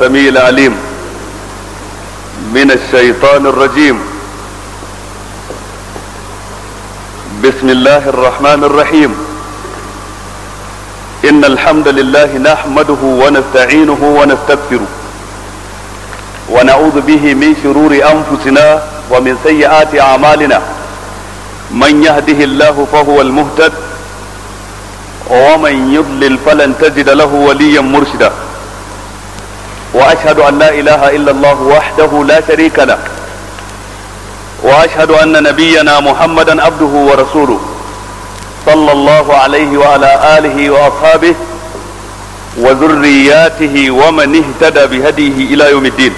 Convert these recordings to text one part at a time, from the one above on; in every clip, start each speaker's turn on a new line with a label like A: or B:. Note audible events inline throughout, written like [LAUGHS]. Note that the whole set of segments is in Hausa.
A: السميع العليم من الشيطان الرجيم بسم الله الرحمن الرحيم إن الحمد لله نحمده ونستعينه ونستغفره ونعوذ به من شرور أنفسنا ومن سيئات أعمالنا من يهده الله فهو المهتد ومن يضلل فلن تجد له وليا مرشدا واشهد ان لا اله الا الله وحده لا شريك له واشهد ان نبينا محمدا عبده ورسوله صلى الله عليه وعلى اله واصحابه وذرياته ومن اهتدى بهديه الى يوم الدين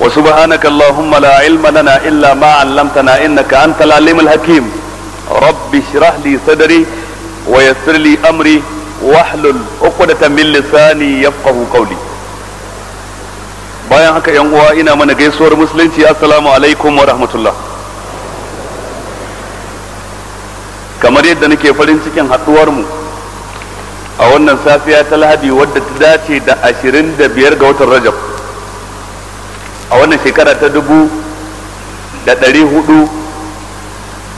A: وسبحانك اللهم لا علم لنا الا ما علمتنا انك انت العليم الحكيم رب اشرح لي صدري ويسر لي امري wahlul uqdatan min lisani yafqahu qawli bayan haka yan uwa ina mana gaisuwar musulunci assalamu alaikum wa rahmatullah kamar yadda nake farin cikin haduwar mu a wannan safiya ta lahadi wadda ta dace da ashirin da biyar ga watan rajab a wannan shekara ta dubu da ɗari hudu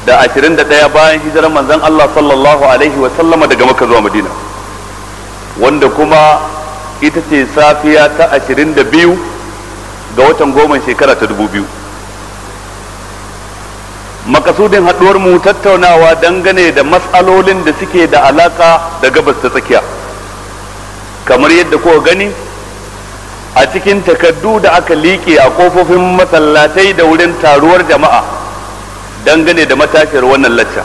A: da ashirin da ɗaya bayan hijirar manzon Allah sallallahu alaihi wa sallama daga maka zuwa madina wanda kuma ita ce safiya ta ashirin da biyu ga watan goma shekara ta dubu biyu makasudin haɗuwar mu tattaunawa dangane da matsalolin da suke da alaka da gabas ta tsakiya kamar yadda kowa gani a cikin takaddu da aka liƙe a kofofin masallatai da wurin taruwar jama'a dangane da matashiyar wannan lacca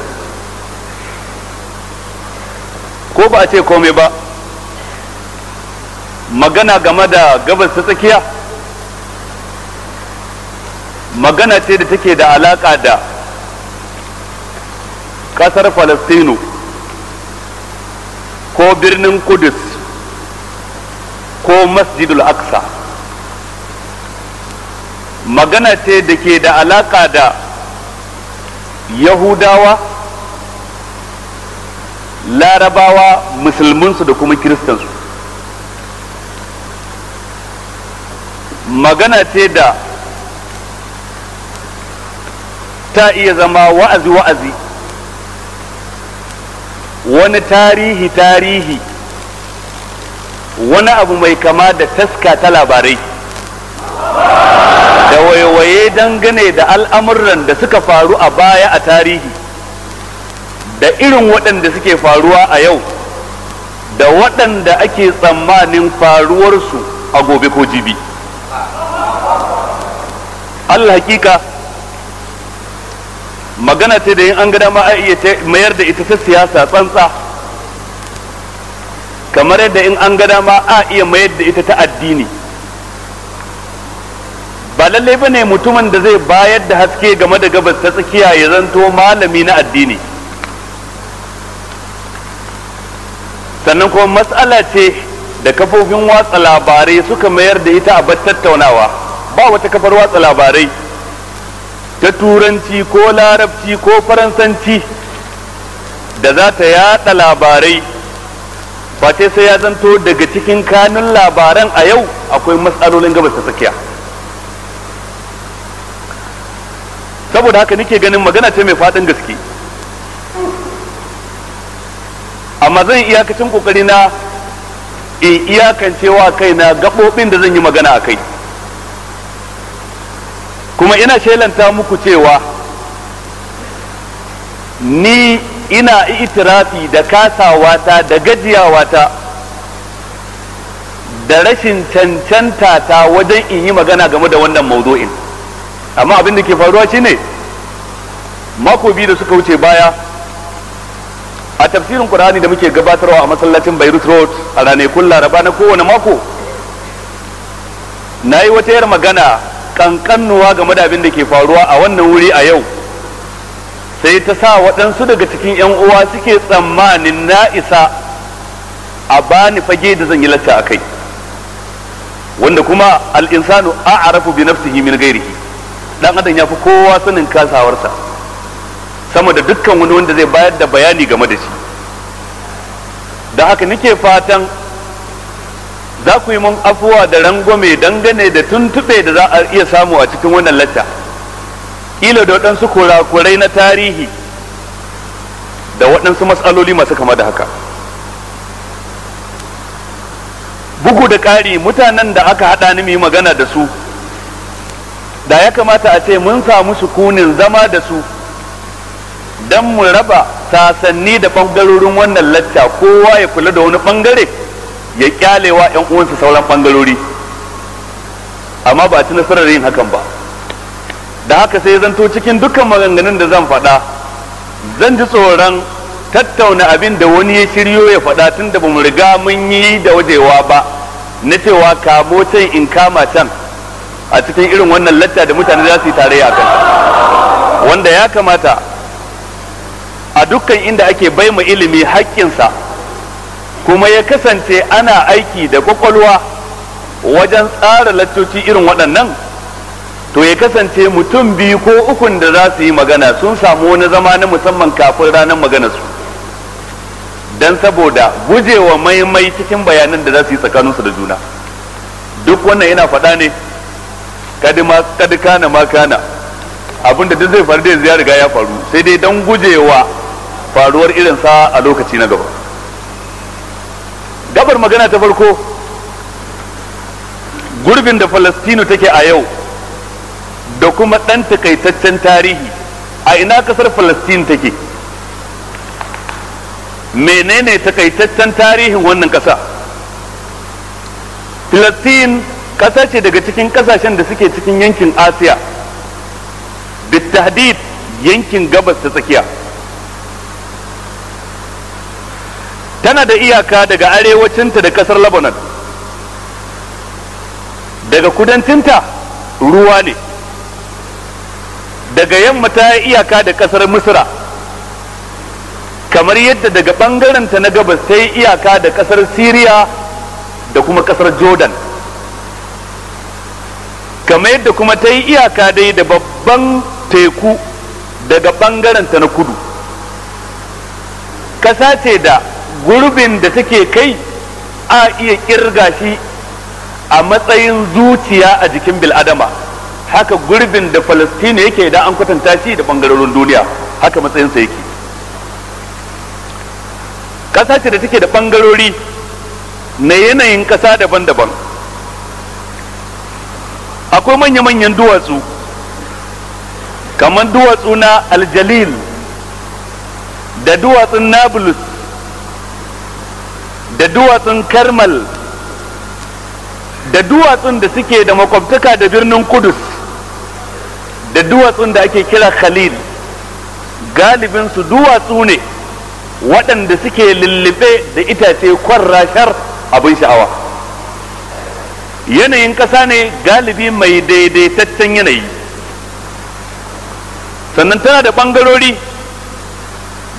A: ko ba a ce komai ba magana game da gabas ta tsakiya magana ce da take da alaka da ƙasar Falastino ko birnin kudus ko masjidul aqsa magana ce da ke da alaƙa da yahudawa larabawa musulmansu da kuma kiristansu magana ce da ta iya zama wa'azi wa'azi wani tarihi tarihi wani abu mai kama da taska ta labarai da waiwaye dangane da al'amuran da suka faru a baya a tarihi da irin waɗanda suke faruwa a yau da waɗanda ake tsammanin faruwarsu a gobe ko jibi. allah hakika magana ce da yin an gada ma a iya mayar da ita ta siyasa tsantsa kamar yadda in an gada ma a iya mayar da ita ta addini ba lallai ba ne mutumin da zai bayar da haske game da gabas ta tsakiya ya zanto malami na addini sannan kuma matsala ce da kafofin watsa labarai suka mayar da ita a tattaunawa ba wata kafar watsa labarai ta turanci ko larabci ko faransanci da za ta yada labarai ba ce sai ya zanto daga cikin kanun labaran a yau akwai matsalolin gabas ta tsakiya saboda haka nake ganin magana ce mai faɗin gaske amma zan iyakacin kokari na in iyakancewa kaina gaɓoɓin da zan yi magana a kai kuma ina shelanta muku cewa ni ina itirafi da kasawata da gajiyawata da rashin cancanta ta wajen in yi magana game da wannan maudu'in amma abin da ke faruwa shine mako biyu da suka wuce baya a tafsirin ƙur'ani da muke gabatarwa a masallacin beirut road a ranakun laraba na kowane mako na yi wata yar magana kankannuwa game da abin da ke faruwa a wannan wuri a yau sai ta sa waɗansu daga cikin 'yan uwa suke tsammanin na isa a bani fage da zan yi lacca a kai wanda kuma al'insanu a arafu bi nafsihi min gairihi dan adam ya fi kowa sanin kasawarsa sama da dukkan wani wanda zai bayar da bayani game da shi da haka nake fatan za ku yi mun afuwa da rangwame dangane da tuntube da za a iya samu a cikin wannan latta kila da waɗansu kurakurai na tarihi da waɗansu matsaloli masu kama da haka bugu da ƙari mutanen da aka haɗa ni yi magana da su da ya kamata a ce mun samu sukunin zama da su don mu raba sasanni da ɓangarorin wannan latta kowa ya kula da wani ɓangare ya wa yan uwansa sauran ɓangarori amma ba ci nasarar yin hakan ba da haka sai zan to cikin dukkan maganganun da zan faɗa zan ji tsoron tattauna abin da wani ya shiryo ya faɗa tun da bamu riga mun yi da wajewa ba na cewa kamo can in kama can a cikin irin wannan latta da mutane za su yi tare a kan wanda ya kamata a dukkan inda ake bai mu ilimi haƙƙinsa kuma ya kasance ana aiki da kwakwalwa wajen tsara laccoci irin waɗannan to ya kasance mutum biyu ko ukun da za su yi magana sun samu wani zama na musamman kafin ranar magana su don saboda gujewa maimai cikin bayanan da za su yi tsakaninsu da juna duk wannan yana faɗa ne kadikana makana ma kana abinda duk zai faru da ya riga ya faru sai dai don gujewa faruwar irinsa a lokaci na gaba gabar magana ta farko gurbin da falastinu take a yau da kuma ɗan takaitaccen tarihi a ina kasar falastin take menene takaitaccen tarihin wannan ƙasa falastin ƙasa ce daga cikin ƙasashen da suke cikin yankin asiya hadith yankin gabas ta tsakiya tana da iyaka daga arewacinta da kasar Lebanon daga kudancinta ruwa ne daga yamma ta iyaka da kasar Misra kamar yadda daga ɓangarenta na gabas ta yi iyaka da kasar Siriya da kuma kasar Jordan kamar yadda kuma ta yi iyaka dai da babban teku daga ɓangarenta na kudu ƙasa ce da gurbin da take kai a iya kirga shi a matsayin zuciya a jikin bil'adama haka gurbin da falastini yake da an kwatanta shi da bangarorin duniya haka matsayinsa yake ƙasa ce da take da bangarori na yanayin ƙasa daban-daban akwai manya-manyan duwatsu kamar duwatsu na aljalil da duwatsun nablus da duwatsun karmal da duwatsun da suke da makwabtaka da birnin kudus da duwatsun da ake kira khalil galibinsu duwatsu ne waɗanda suke lullube da itace kwarrashar abin sha'awa yanayin ƙasa ne galibi mai daidaitaccen yanayi sannan tana da ɓangarori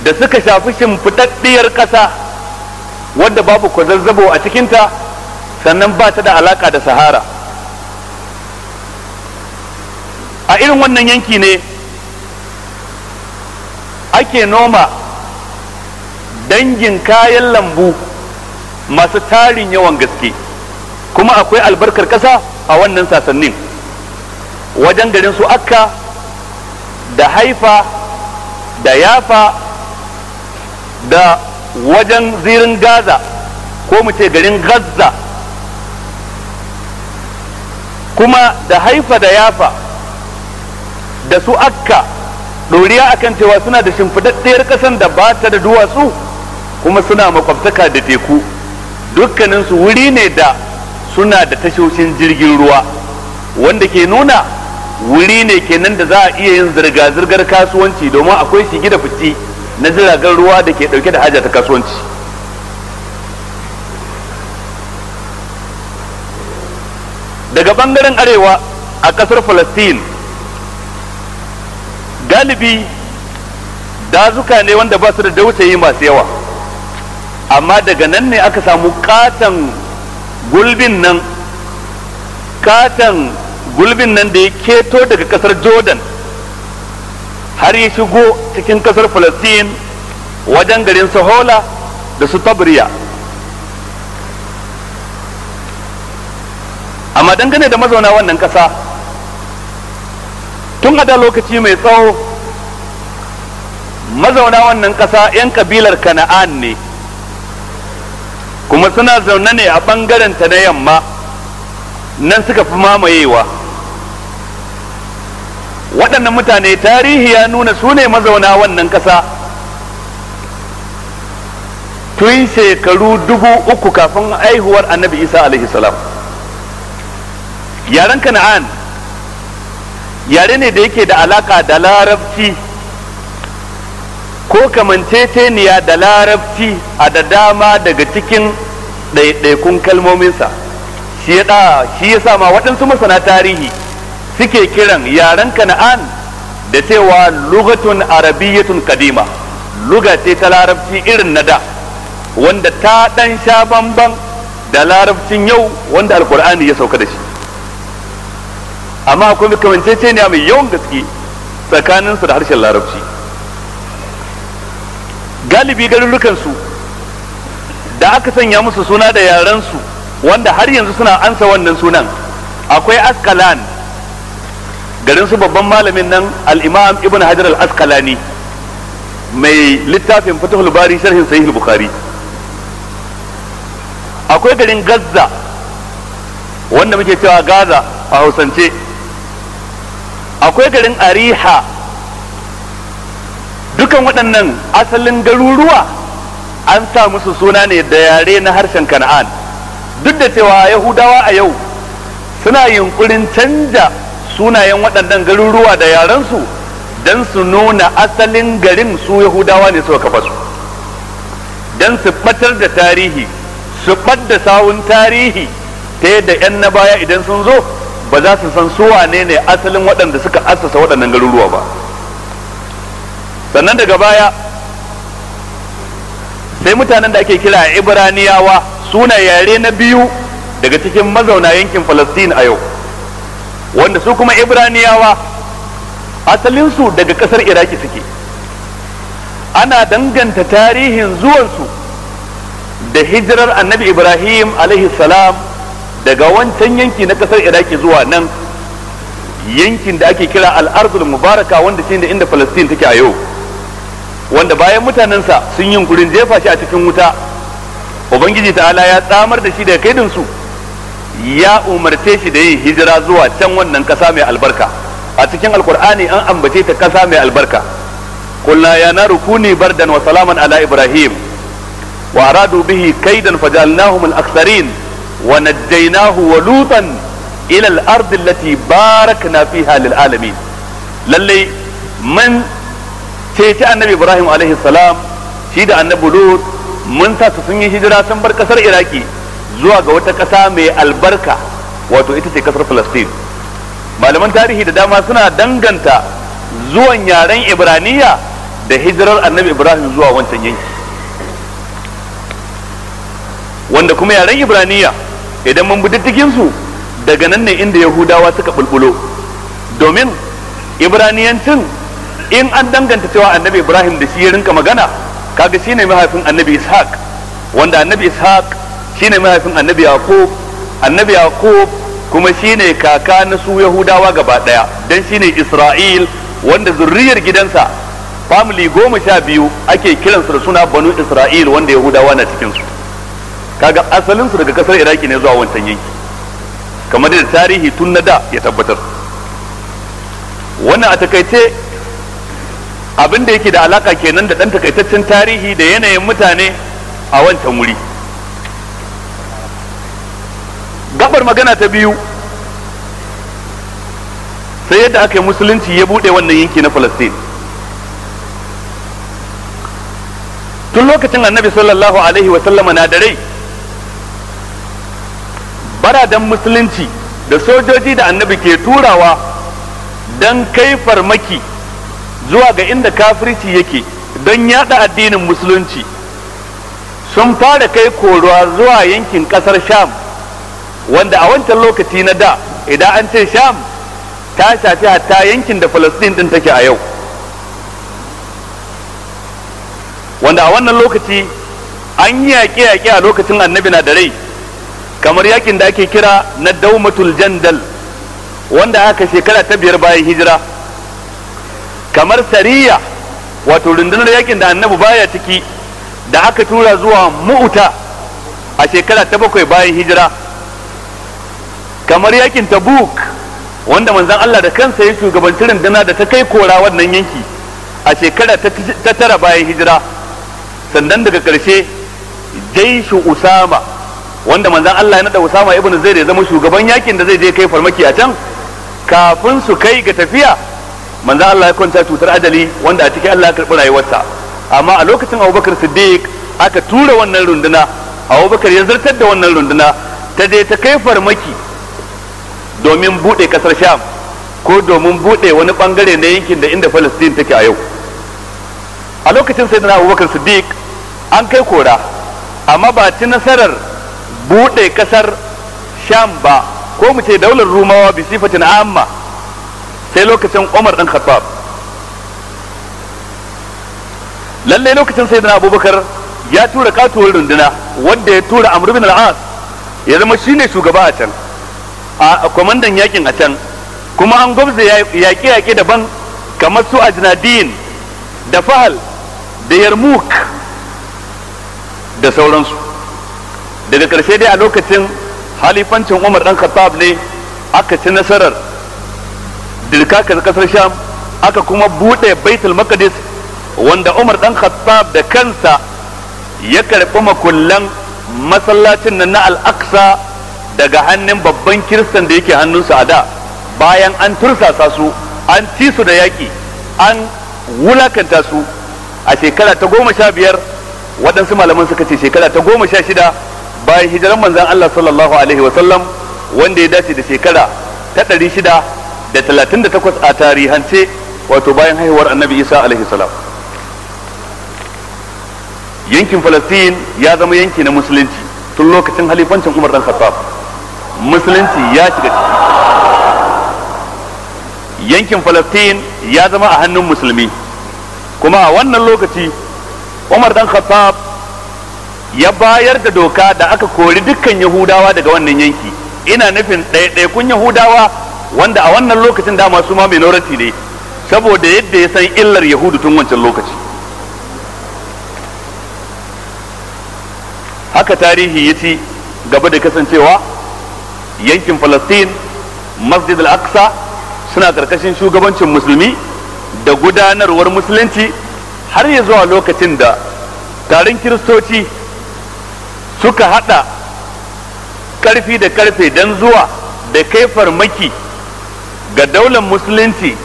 A: da suka shafi shimfiɗaɗɗiyar ƙasa wadda babu kwazazzabo a cikinta sannan ba ta da alaka da sahara a irin wannan yanki ne ake noma dangin kayan lambu masu tarin yawan gaske kuma akwai albarkar ƙasa a wannan sasannin wajen garin su akka da haifa da yafa da wajen zirin gaza ko mu ce garin gaza kuma da haifa da yafa da su akka ɗoriya akan cewa suna da shimfiɗaɗɗiyar ƙasan da ba ta da duwatsu kuma suna makwabtaka da teku dukkaninsu wuri ne da suna da tashoshin jirgin ruwa wanda ke nuna wuri ne kenan da za a iya yin zirga-zirgar kasuwanci domin akwai shigi da fice. na jiragen ruwa da ke dauke da haja kasuwanci daga bangaren arewa a kasar palestine galibi dazuka ne wanda ba su da yi masu yawa amma daga nan ne aka samu katon gulbin nan katon gulbin nan da ya keto daga kasar jordan har ya shigo cikin kasar Falastin wajen garin Sahola da su Tabriya amma dangane da mazauna wannan kasa tun a da lokaci mai tsawo mazauna wannan kasa 'yan kabilar kana'an ne kuma suna zaune ne a ɓangaren ta na yamma nan suka fi mamayewa waɗannan mutane tarihi ya nuna su ne mazauna wannan ƙasa tun shekaru dubu uku kafin aihuwar annabi isa alaihi salam yaren kana'an yare ne da yake da alaka da larabci ko kamanceceniya da larabci a da dama daga cikin ɗaiɗaikun kalmominsa shi ya sa ma waɗansu masana tarihi suke kiran yaren kana'an da cewa lugatun arabiyyatun kadima luga ta larabci irin na da wanda ta dan sha bamban da larabcin yau wanda alkur'ani ya sauka da shi amma akwai ne mai yawan gaske tsakaninsu da harshen larabci galibi garurrukansu da aka sanya musu suna da yarensu wanda har yanzu suna ansa wannan sunan akwai askalan garin su babban malamin nan al-imam ibn hajar al-asqalani mai littafin fatahul bari sharhin sahih bukhari akwai garin gaza wanda muke cewa gaza a hausance akwai garin ariha dukan waɗannan asalin garuruwa an sa musu suna ne da yare na harshen kana'an duk da cewa yahudawa a yau suna yunkurin canja sunayen waɗannan garuruwa da yarensu don su nuna asalin garin su yahudawa ne suka kafa su don su ɓatar da tarihi su da sawun tarihi ta yadda 'yan na baya idan sun zo ba za su san su wane ne asalin waɗanda suka assasa waɗannan garuruwa ba sannan daga baya sai mutanen da ake kira ibraniyawa suna yare na biyu daga cikin mazauna yankin Falasɗin a yau wanda su kuma ibraniyawa asalinsu daga kasar iraki suke ana danganta tarihin zuwansu da hijirar annabi ibrahim salam daga wancan yanki na kasar iraki zuwa nan yankin da ake kira al'arzul mubaraka wanda shine inda falastin take a yau wanda bayan mutanensa sun yi gurin jefa shi a cikin wuta ubangiji ta'ala ya tsamar da shi daga kaidinsu ya umarce shi da yin hijira zuwa can wannan kasa mai albarka a cikin alkur'ani an ambace ta kasa mai albarka qulna ya naru kuni bardan wa salaman ala ibrahim wa aradu bihi kaidan fajalnahum al-aktharin wa najjaynahu wa lutan ila al-ardi allati barakna fiha lil alamin lalle man ceci annabi ibrahim alaihi salam shi da annabi lut mun sa su sun yi hijira sun bar kasar iraki zuwa ga wata ƙasa mai albarka wato ita ce ƙasar Falastin malaman tarihi da dama suna danganta zuwan yaren Ibraniya da hijirar annabi Ibrahim zuwa wancan yanki wanda kuma yaren Ibraniya idan mun bi su daga nan ne inda Yahudawa suka bulbulo domin Ibraniyancin in an danganta cewa annabi Ibrahim da shi ya rinka magana kaga shi ne mahaifin annabi Ishaq wanda annabi Ishaq shine mahaifin annabi yaqub annabi yaqub kuma shine kaka na su yahudawa gaba daya dan shine isra'il wanda zurriyar gidansa family goma sha biyu ake kiransu da suna banu isra'il wanda yahudawa na cikinsu kaga asalinsu daga kasar iraki ne zuwa wancan yanki kamar da tarihi tun na da ya tabbatar wannan a takaice abin da yake da alaka kenan da dan takaitaccen tarihi da yanayin mutane a wancan wuri gabar magana ta biyu sai yadda aka yi musulunci ya buɗe wannan yanki na falastin tun lokacin annabi sallallahu alaihi wasallama na da rai baradan musulunci da sojoji da annabi ke turawa don kai farmaki zuwa ga inda kafirci yake don yada addinin musulunci sun fara kai koruwa zuwa yankin kasar sham wanda a wancan lokaci na da idan an ce sham ta shafi hatta yankin da falastin din take a yau wanda a wannan lokaci an yi yaƙe-yaƙe a lokacin annabi na da rai kamar yakin da ake kira na daumatul jandal wanda aka shekara ta biyar bayan hijira kamar sariya wato rundunar yakin da annabi baya ciki da aka tura zuwa mu'uta a shekara ta bakwai bayan hijira kamar yakin tabuk wanda manzan Allah da kansa ya shugabanci rundunar da ta kai kora wannan yanki a shekara ta tara bayan hijira sannan daga karshe jaishu usama wanda manzan Allah ya nada usama ibn zai ya zama shugaban yakin da zai je kai farmaki a can kafin su kai ga tafiya manzan Allah ya kwanta cutar ajali wanda a cikin Allah ya karɓi rayuwarsa amma a lokacin Abubakar Siddiq aka tura wannan runduna Abubakar ya zartar da wannan runduna ta je ta kai farmaki domin buɗe ƙasar sham ko domin bude wani bangare na yankin da inda falastin take a yau a lokacin sai na abubakar siddiq an kai kora amma ba ci nasarar buɗe ƙasar sham ba ko mu ce daular rumawa bi sifatin amma sai lokacin umar dan khattab lallai lokacin sai abubakar ya tura katuwar runduna wanda ya tura amr bin al-as ya zama shine shugaba a can a kwamandan yakin a can kuma an gwamza yaƙe-yaƙe daban kamar su ajnadin da fahal da yarmuk da sauransu daga ƙarshe dai a lokacin halifancin umar ɗan khattab ne aka ci nasarar ka ƙasar sham aka kuma buɗe baitul makadis wanda umar ɗan khattab da kansa ya karɓi makullan masallacin nan na al daga hannun babban kiristan da yake hannunsu a da bayan an tursasa su an ci su da yaki an wulakanta su a shekara ta goma sha biyar waɗansu malaman suka ce shekara ta goma sha shida bayan hijiran manzan Allah sallallahu alaihi wasallam wanda ya dace da shekara ta ɗari shida da talatin da takwas a tarihance wato bayan haihuwar annabi isa alaihi salam yankin falastin ya zama yanki na musulunci tun lokacin halifancin umar dan khattab musulunci ya shiga ciki yankin falastin ya zama a hannun musulmi kuma a wannan lokaci umar dan khattab ya bayar da doka da aka kori dukkan yahudawa daga wannan yanki ina nufin ɗaiɗaikun yahudawa wanda a wannan lokacin dama su ma minority ne saboda yadda ya san illar yahudu tun wancan lokaci haka tarihi ya ci gaba da kasancewa yankin Falastin Masjid al-Aqsa suna karkashin shugabancin musulmi da gudanarwar musulunci har ya zuwa lokacin da taron kiristoci suka hada karfi da karfe don zuwa da kai farmaki ga daular musulunci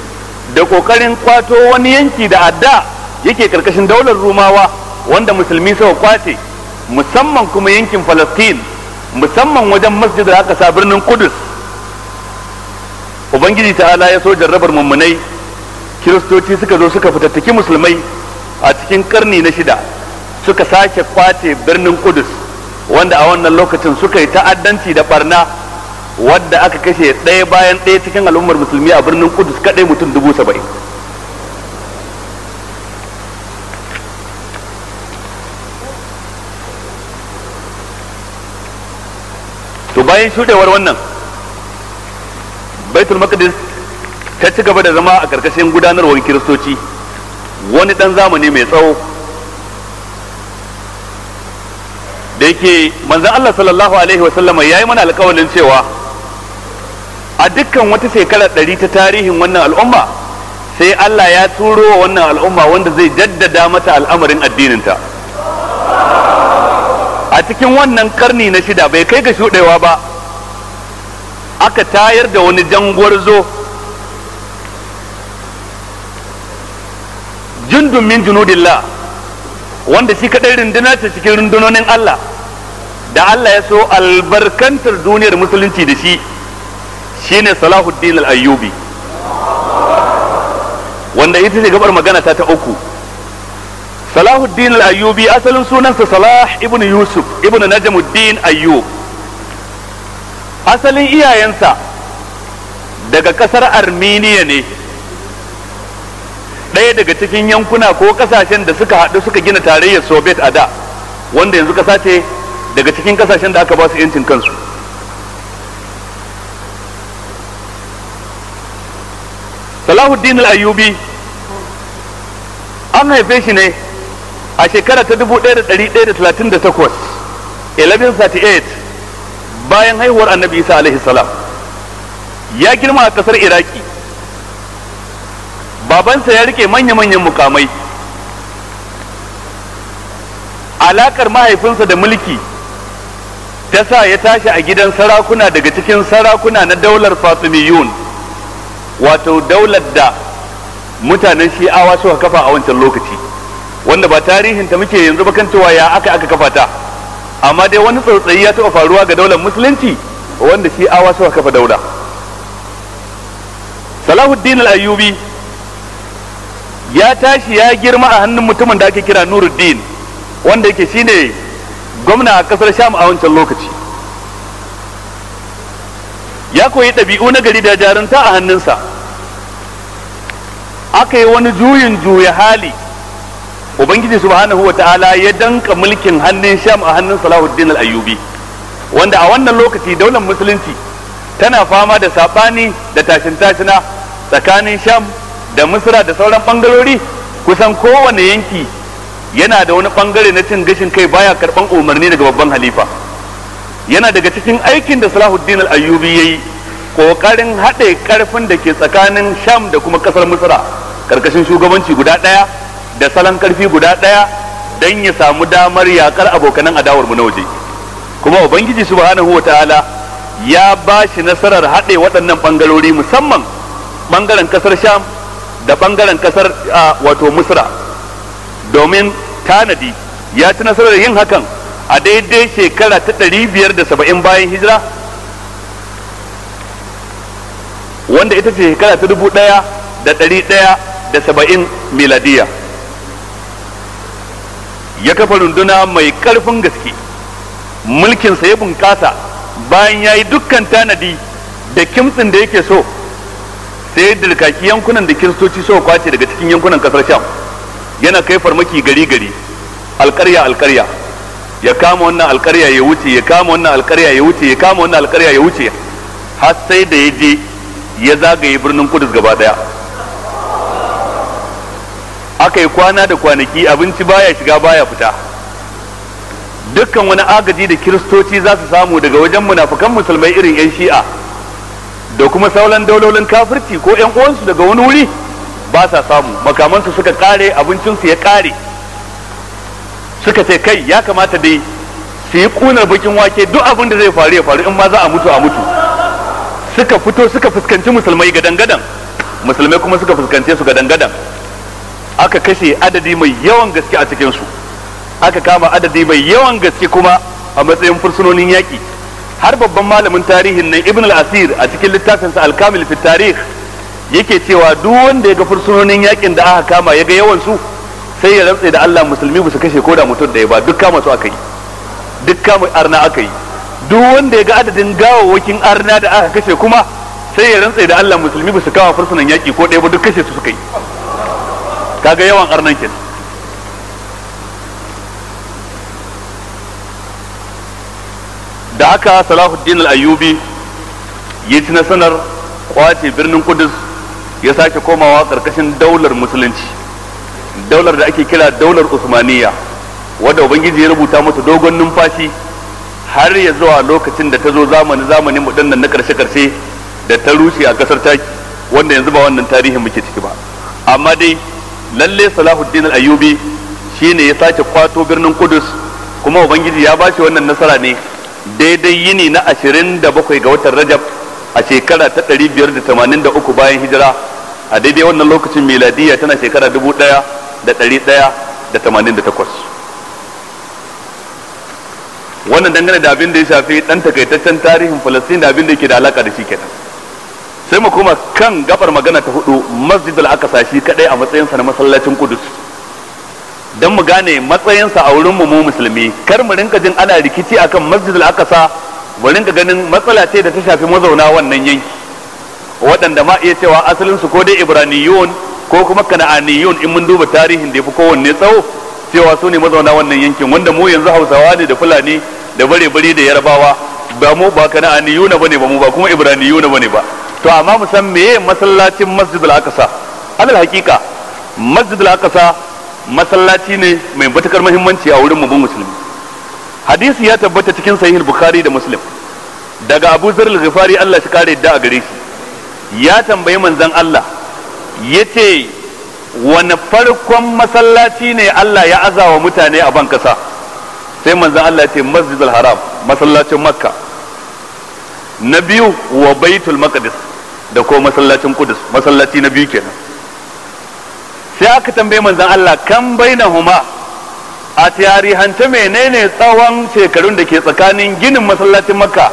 A: da kokarin kwato wani yanki da adda yake karkashin daular rumawa wanda musulmi suka kwace musamman kuma yankin Falastin musamman wajen masjid da aka sa birnin Kudus ubangiji ta'ala ya so jarrabar mummunai kiristoci suka zo suka fitattaki musulmai a cikin karni na shida suka sake kwace birnin Kudus wanda a wannan lokacin suka yi ta'addanci da barna wadda aka kashe ɗaya bayan ɗaya cikin al'ummar musulmi a birnin Kudus kaɗai mutum dubu saba'in to bayan shudewar wannan baitul maqdis ta ci gaba da zama a karkashin gudanarwar kiristoci wani dan zamani mai tsawo da yake manzon Allah sallallahu alaihi wasallama yayi mana alƙawarin cewa a dukkan wata shekara ɗari ta tarihin wannan al'umma sai Allah ya turo wa wannan al'umma wanda zai jaddada mata al'amarin addininta a cikin wannan karni na shida bai kai ga shuɗewa ba aka tayar da wani jangwarzo jundun min junudillah wanda shi kaɗai runduna ce cikin rundunonin Allah da Allah ya so albarkantar duniyar musulunci da shi shine Salahuddin al-Ayyubi wanda ita ce gabar magana ta ta uku Salahuddin al’ayyubi asalin sunansa Salah ibn Yusuf ibn Najmuddin Ayyub asalin iyayensa daga ƙasar Armenia ne ɗaya daga cikin yankuna ko ƙasashen da suka haɗu suka gina tarayyar Soviet a da wanda yanzu kasa ce daga cikin kasashen da aka ba su 'yancin kansu Salahuddin al’ayyubi an haife shi ne a shekara ta dubu ɗaya da 1138 1138 bayan haihuwar annabi isa alaihi salam ya girma a kasar iraki babansa ya rike manya-manyan mukamai alakar mahaifinsa da mulki ta sa ya tashi a gidan sarakuna daga cikin sarakuna na daular fatimiyun wato daular da mutanen shi'awa suka kafa a wancan lokaci wanda ba tarihin ta muke yanzu ba kan cewa ya aka aka kafa ta amma dai wani tsautsayi ya taɓa faruwa ga daular musulunci wanda shi awa suka kafa daula salahuddin al-ayyubi ya tashi ya girma a hannun mutumin da ake kira nuruddin wanda yake shine gwamna a kasar sham a wancan lokaci ya koyi ɗabi'u na gari da jarunta a hannunsa aka yi wani juyin juya hali ubangiji subhanahu ta'ala ya danka mulkin hannun sham a hannun salahuddin al-ayyubi wanda a wannan lokaci daular musulunci tana fama da sabani da tashin tashina tsakanin sham da misra da sauran bangarori kusan kowane yanki yana da wani bangare na cin gashin kai baya karban umarni daga babban halifa yana daga cikin aikin da salahuddin al-ayyubi yayi kokarin haɗe karfin da ke tsakanin sham da kuma ƙasar misra karkashin shugabanci guda ɗaya da salon karfi guda ɗaya don ya samu damar yaƙar abokanan adawar mu na waje kuma ubangiji subhanahu ta'ala ya ba shi nasarar haɗe waɗannan bangarori musamman bangaren ƙasar sham da bangaren kasar wato musra domin tanadi ya ci nasarar yin hakan a daidai shekara ta ɗari biyar da saba'in bayan hijira wanda ita ce shekara ta dubu ɗaya da ɗari ɗaya da saba'in miladiya ya kafa runduna mai ƙarfin gaske mulkinsa ya bunƙasa bayan ya yi dukkan tanadi da kimtsin da yake so sai kaki yankunan da kiristoci so kwace daga cikin yankunan kasar sham yana kai farmaki gari gari alƙarya-alƙarya ya kama wannan alƙarya ya wuce ya kama wannan alƙarya ya wuce ya kama wannan alƙarya ya wuce har sai da ya je ya zagaye birnin kudus gaba daya aka yi kwana da kwanaki abinci baya shiga baya fita dukkan wani agaji da kiristoci za su samu daga wajen munafukan musulmai irin 'yan shi'a da kuma sauran daulolin kafirci ko 'yan uwansu daga wani wuri ba sa samu makamansu suka kare abincinsu ya kare suka ce kai ya kamata dai su yi kunar bakin wake duk abin da zai faru ya faru in ma za a mutu a mutu suka fito suka fuskanci musulmai gadan gadan musulmai kuma suka fuskance su gadan gadan aka kashe adadi mai yawan gaske a cikinsu aka kama adadi mai yawan gaske kuma a matsayin fursunonin yaƙi har babban malamin tarihin nan ibn al-asir a cikin littafinsa al-kamil fi tarih yake cewa duk wanda ya ga fursunonin yaƙin da aka kama ya ga yawan su sai ya rantsa da Allah musulmi ba su kashe ko da mutum ɗaya ba duk kama su aka yi duk kama arna aka yi duk wanda ya ga adadin gawawwakin arna da aka kashe kuma sai ya rantsa da Allah musulmi ba su kama fursunan yaƙi ko ɗaya ba duk kashe su suka yi kaga yawan arnan kenan da aka salahuddin al-ayyubi ya ci sanar kwace birnin kudus ya sake komawa karkashin daular musulunci daular da ake kira daular Usmaniyya wadda ubangiji ya rubuta mata dogon numfashi har ya zuwa lokacin da ta zo zamani zamani mu dinnan na karshe karshe da ta rushe a kasar taki wanda yanzu ba wannan tarihin muke ciki ba amma dai lalle salahuddin al-ayyubi shine ya sake kwato birnin kudus kuma ubangiji ya bashi wannan nasara ne daidai yini na 27 ga watan rajab a shekara ta 583 bayan hijira a daidai wannan lokacin miladiya tana shekara 1188 wannan dangane da abin da ya shafi dan takaitaccen tarihin falastin da abin da yake da alaka da shi kenan sai mu kuma kan gabar magana ta hudu masjid al-aqsa shi kadai a matsayinsa na masallacin kudus dan mu gane matsayinsa a wurin mu musulmi kar mu rinka jin ana rikici akan masjid al-aqsa mu rinka ganin matsala ce da ta shafi mazauna wannan yanki waɗanda ma iya cewa asalin su ko dai ibraniyon ko kuma kana'aniyun in mun duba tarihin da ya fi kowanne tsawo cewa su ne mazauna wannan yankin wanda mu yanzu hausawa ne da fulani da bare-bare da yarbawa ba mu ba kana'aniyona bane ba mu ba kuma ibraniyuna bane ba to amma mu meye masallacin masjidul aqsa alal hakika masjidul aqsa masallaci ne mai matukar muhimmanci a wurin mabun musulmi hadisi ya tabbata cikin sahih bukhari da muslim daga abu zar al-ghifari Allah shi kare da a gare shi ya tambayi manzon Allah yace wani farkon masallaci ne Allah ya azawa mutane a ban kasa sai manzon Allah ce masjidul haram masallacin makka na biyu wa baitul maqdis da ko masallacin Qudus masallaci na biyu kenan sai aka tambaye manzon Allah kan baina huma a tarihance menene tsawon shekarun da ke tsakanin ginin masallacin Makka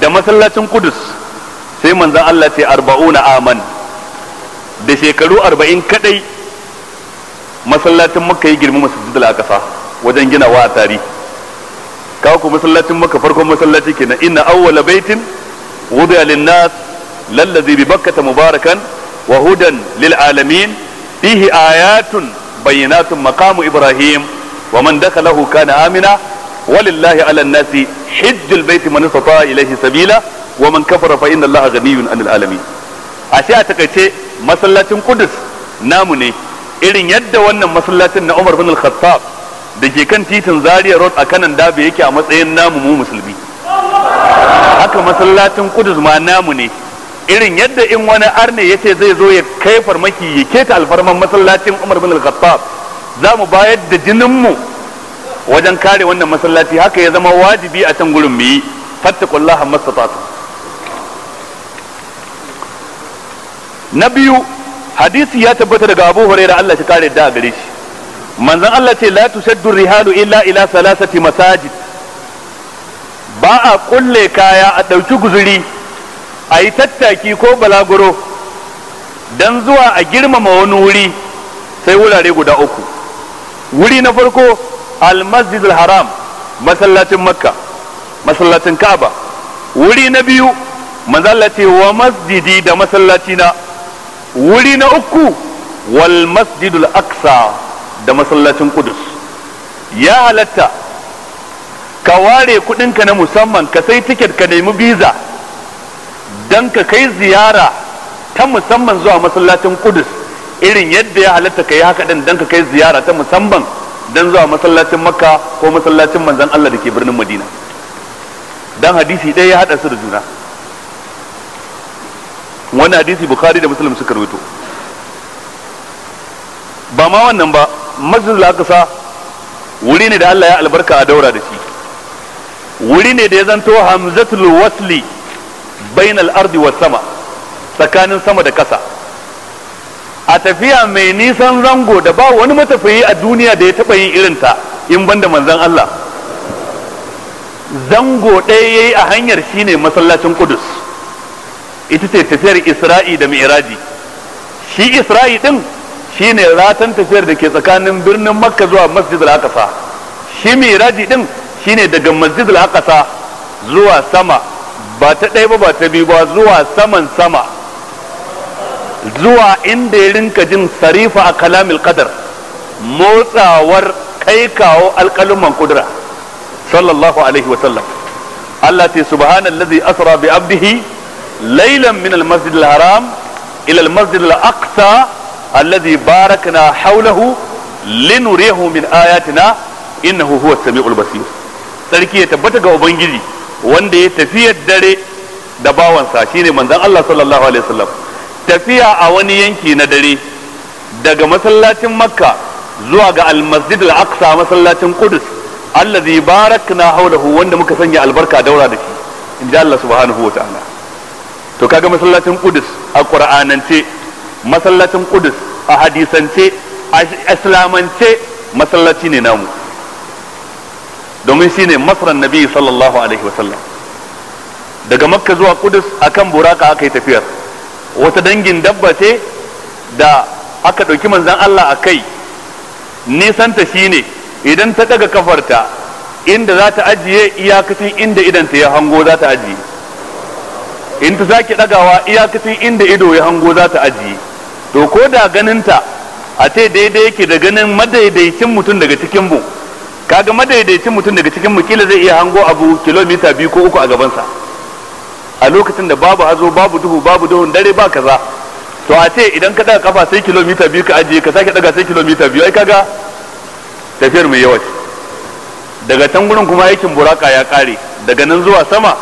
A: da masallacin Qudus sai manzon Allah ce arba'una aman da shekaru arba'in kadai masallacin Makka ya girma masallacin da aqsa wajen ginawa a tari. kawo ku masallacin maka farkon masallaci kenan inna awwala baitin wudiya lallazi bi bakkata mubarakan wa hudan lil alamin fihi ayatun bayyinatun maqamu ibrahim wa man dakhalahu kana amina walillahi ala nasi hajjul baiti man istata ilayhi sabila wa man kafara fa inna allaha ghaniyun anil alamin a a takaice masallacin kudus namu ne irin yadda wannan masallacin na Umar bin Al-Khattab da ke kan titin Zaria Road a kanan dabe yake a matsayin namu mu musulmi haka masallacin Kudus ma namu ne irin yadda in wani arne ya ce zai zo ya kai farmaki ya keta alfarman masallacin umar bin al-khattab za mu bayar da jininmu wajen kare wannan masallaci haka ya zama wajibi a can gurin mu yi fattakullaha mastata'tu na biyu hadisi ya tabbata daga Abu Hurairah Allah shi kare da gare shi manzon Allah ce la tusaddu rihalu illa ila salasati masajid ba a kulle kaya a ɗauki guzuri a yi tattaki ko balaguro don zuwa a girmama wani wuri sai wurare guda uku wuri na farko almasjid haram masallacin makka masallacin ka'aba wuri na biyu mazallace wa masjidi da na wuri na uku wal masjidul aqsa da masallacin kudus ya halatta ka ware kudinka na musamman ka sai tiket ka nemi biza don ka kai ziyara ta musamman zuwa masallacin kudus irin yadda ya halatta ka yi haka din don ka kai ziyara ta musamman don zuwa masallacin makka ko masallacin manzan allah da ke birnin madina don hadisi ɗaya ya haɗa su da juna wani hadisi bukhari da musulun suka rubuto ba ma wannan ba masjidul aqsa wuri ne da Allah ya albarka a daura da shi wuri ne da ya zanto hamzatul wasli bainal ardi was sama tsakanin sama da ƙasa a tafiya mai nisan zango da ba wani matafiyi a duniya da ya taɓa yin ta in banda manzon Allah zango ɗaya ya yi a hanyar shine masallacin kudus ita ce tafiyar isra'i da mi'raji shi isra'i ɗin shine ratan tafiyar da ke tsakanin birnin makka zuwa masjid al-aqsa shi mi'raji ɗin shine daga masjid al-aqsa zuwa sama ba ta ɗaya ba ba ta biyu ba zuwa saman sama zuwa inda ya rinka jin sarifa a kalamil kadar motsawar kai kawo alƙaluman kudura sallallahu alaihi wa sallam Allah subhanan lazi asra bi abdihi laylan min almasjid alharam ila almasjid alaqsa alladhi barakna hawlahu linurihu min ayatina innahu huwa samiul basir sarki ya tabbata ga ubangiji wanda ya tafiyar dare da bawansa shine manzon Allah sallallahu alaihi wasallam tafiya a wani yanki na dare daga masallacin makka zuwa ga almasjid al-aqsa masallacin barak na hau hawlahu wanda muka sanya albarka daura da shi in Allah subhanahu wa ta'ala to kaga masallacin kudus a qur'anance masallacin ƙudus a hadisance a islamance masallaci ne namu domin shi shine masarar nabi sallallahu alaihi wasallam daga makka zuwa kudus akan buraka aka yi tafiyar wata dangin dabba ce da aka ɗauki manzan Allah a kai nisanta ne idan ta ɗaga kafarta inda za ta ajiye iyakacin inda idanta ya hango za ta ajiye in ta sake ɗagawa iyakacin inda ido ya hango za ta ajiye to ko da ganinta a ce daidai yake da ganin madaidaicin mutum daga cikin mu kaga madaidaicin mutum daga cikin mu kila zai iya hango abu kilomita biyu ko uku a gabansa a lokacin da babu hazo babu duhu babu duhun dare ba kaza to a ce idan ka daga kafa sai kilomita biyu ka ajiye ka sake daga sai kilomita biyu ai kaga tafiyar mai yawa ce daga can gurin kuma aikin buraka ya kare daga nan zuwa sama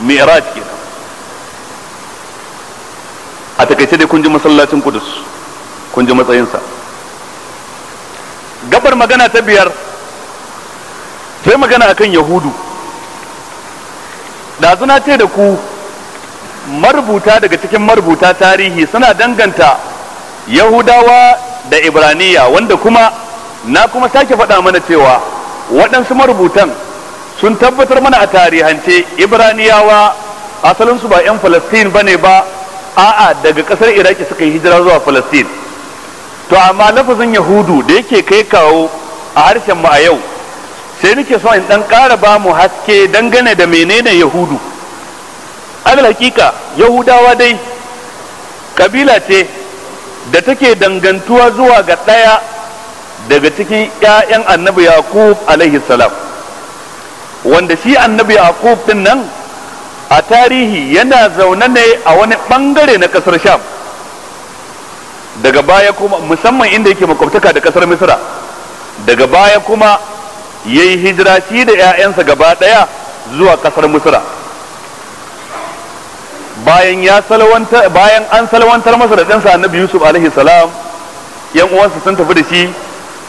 A: mi'raj ke a takaice dai kun ji masallacin kudus kun ji matsayinsa gabar magana ta biyar sai magana akan yahudu da zuna ce da ku marubuta daga cikin marubuta tarihi suna danganta yahudawa da ibraniya wanda kuma na kuma sake faɗa mana cewa waɗansu marubutan sun tabbatar mana a tarihance ibraniyawa asalinsu ba 'yan falastin ba ne ba a'a daga ƙasar iraki suka yi hijira zuwa falastin to amma lafazin yahudu da yake kai kawo a harshen mu a yau sai nake so in dan ƙara ba mu haske dangane da menene yahudu alal hakika yahudawa dai kabila ce da take dangantuwa zuwa ga ɗaya daga cikin 'ya'yan annabi yaqub alaihi salam wanda shi annabi yaqub din nan a tarihi yana zaune ne a wani bangare na kasar sham daga baya kuma musamman inda yake makwabtaka da kasar misra daga baya kuma yayi hijira shi da ya'yansa gaba ɗaya zuwa ƙasar musra bayan ya salwanta bayan an salwantar masa da ɗansa Annabi Yusuf alaihi salam yan uwansa sun tafi da shi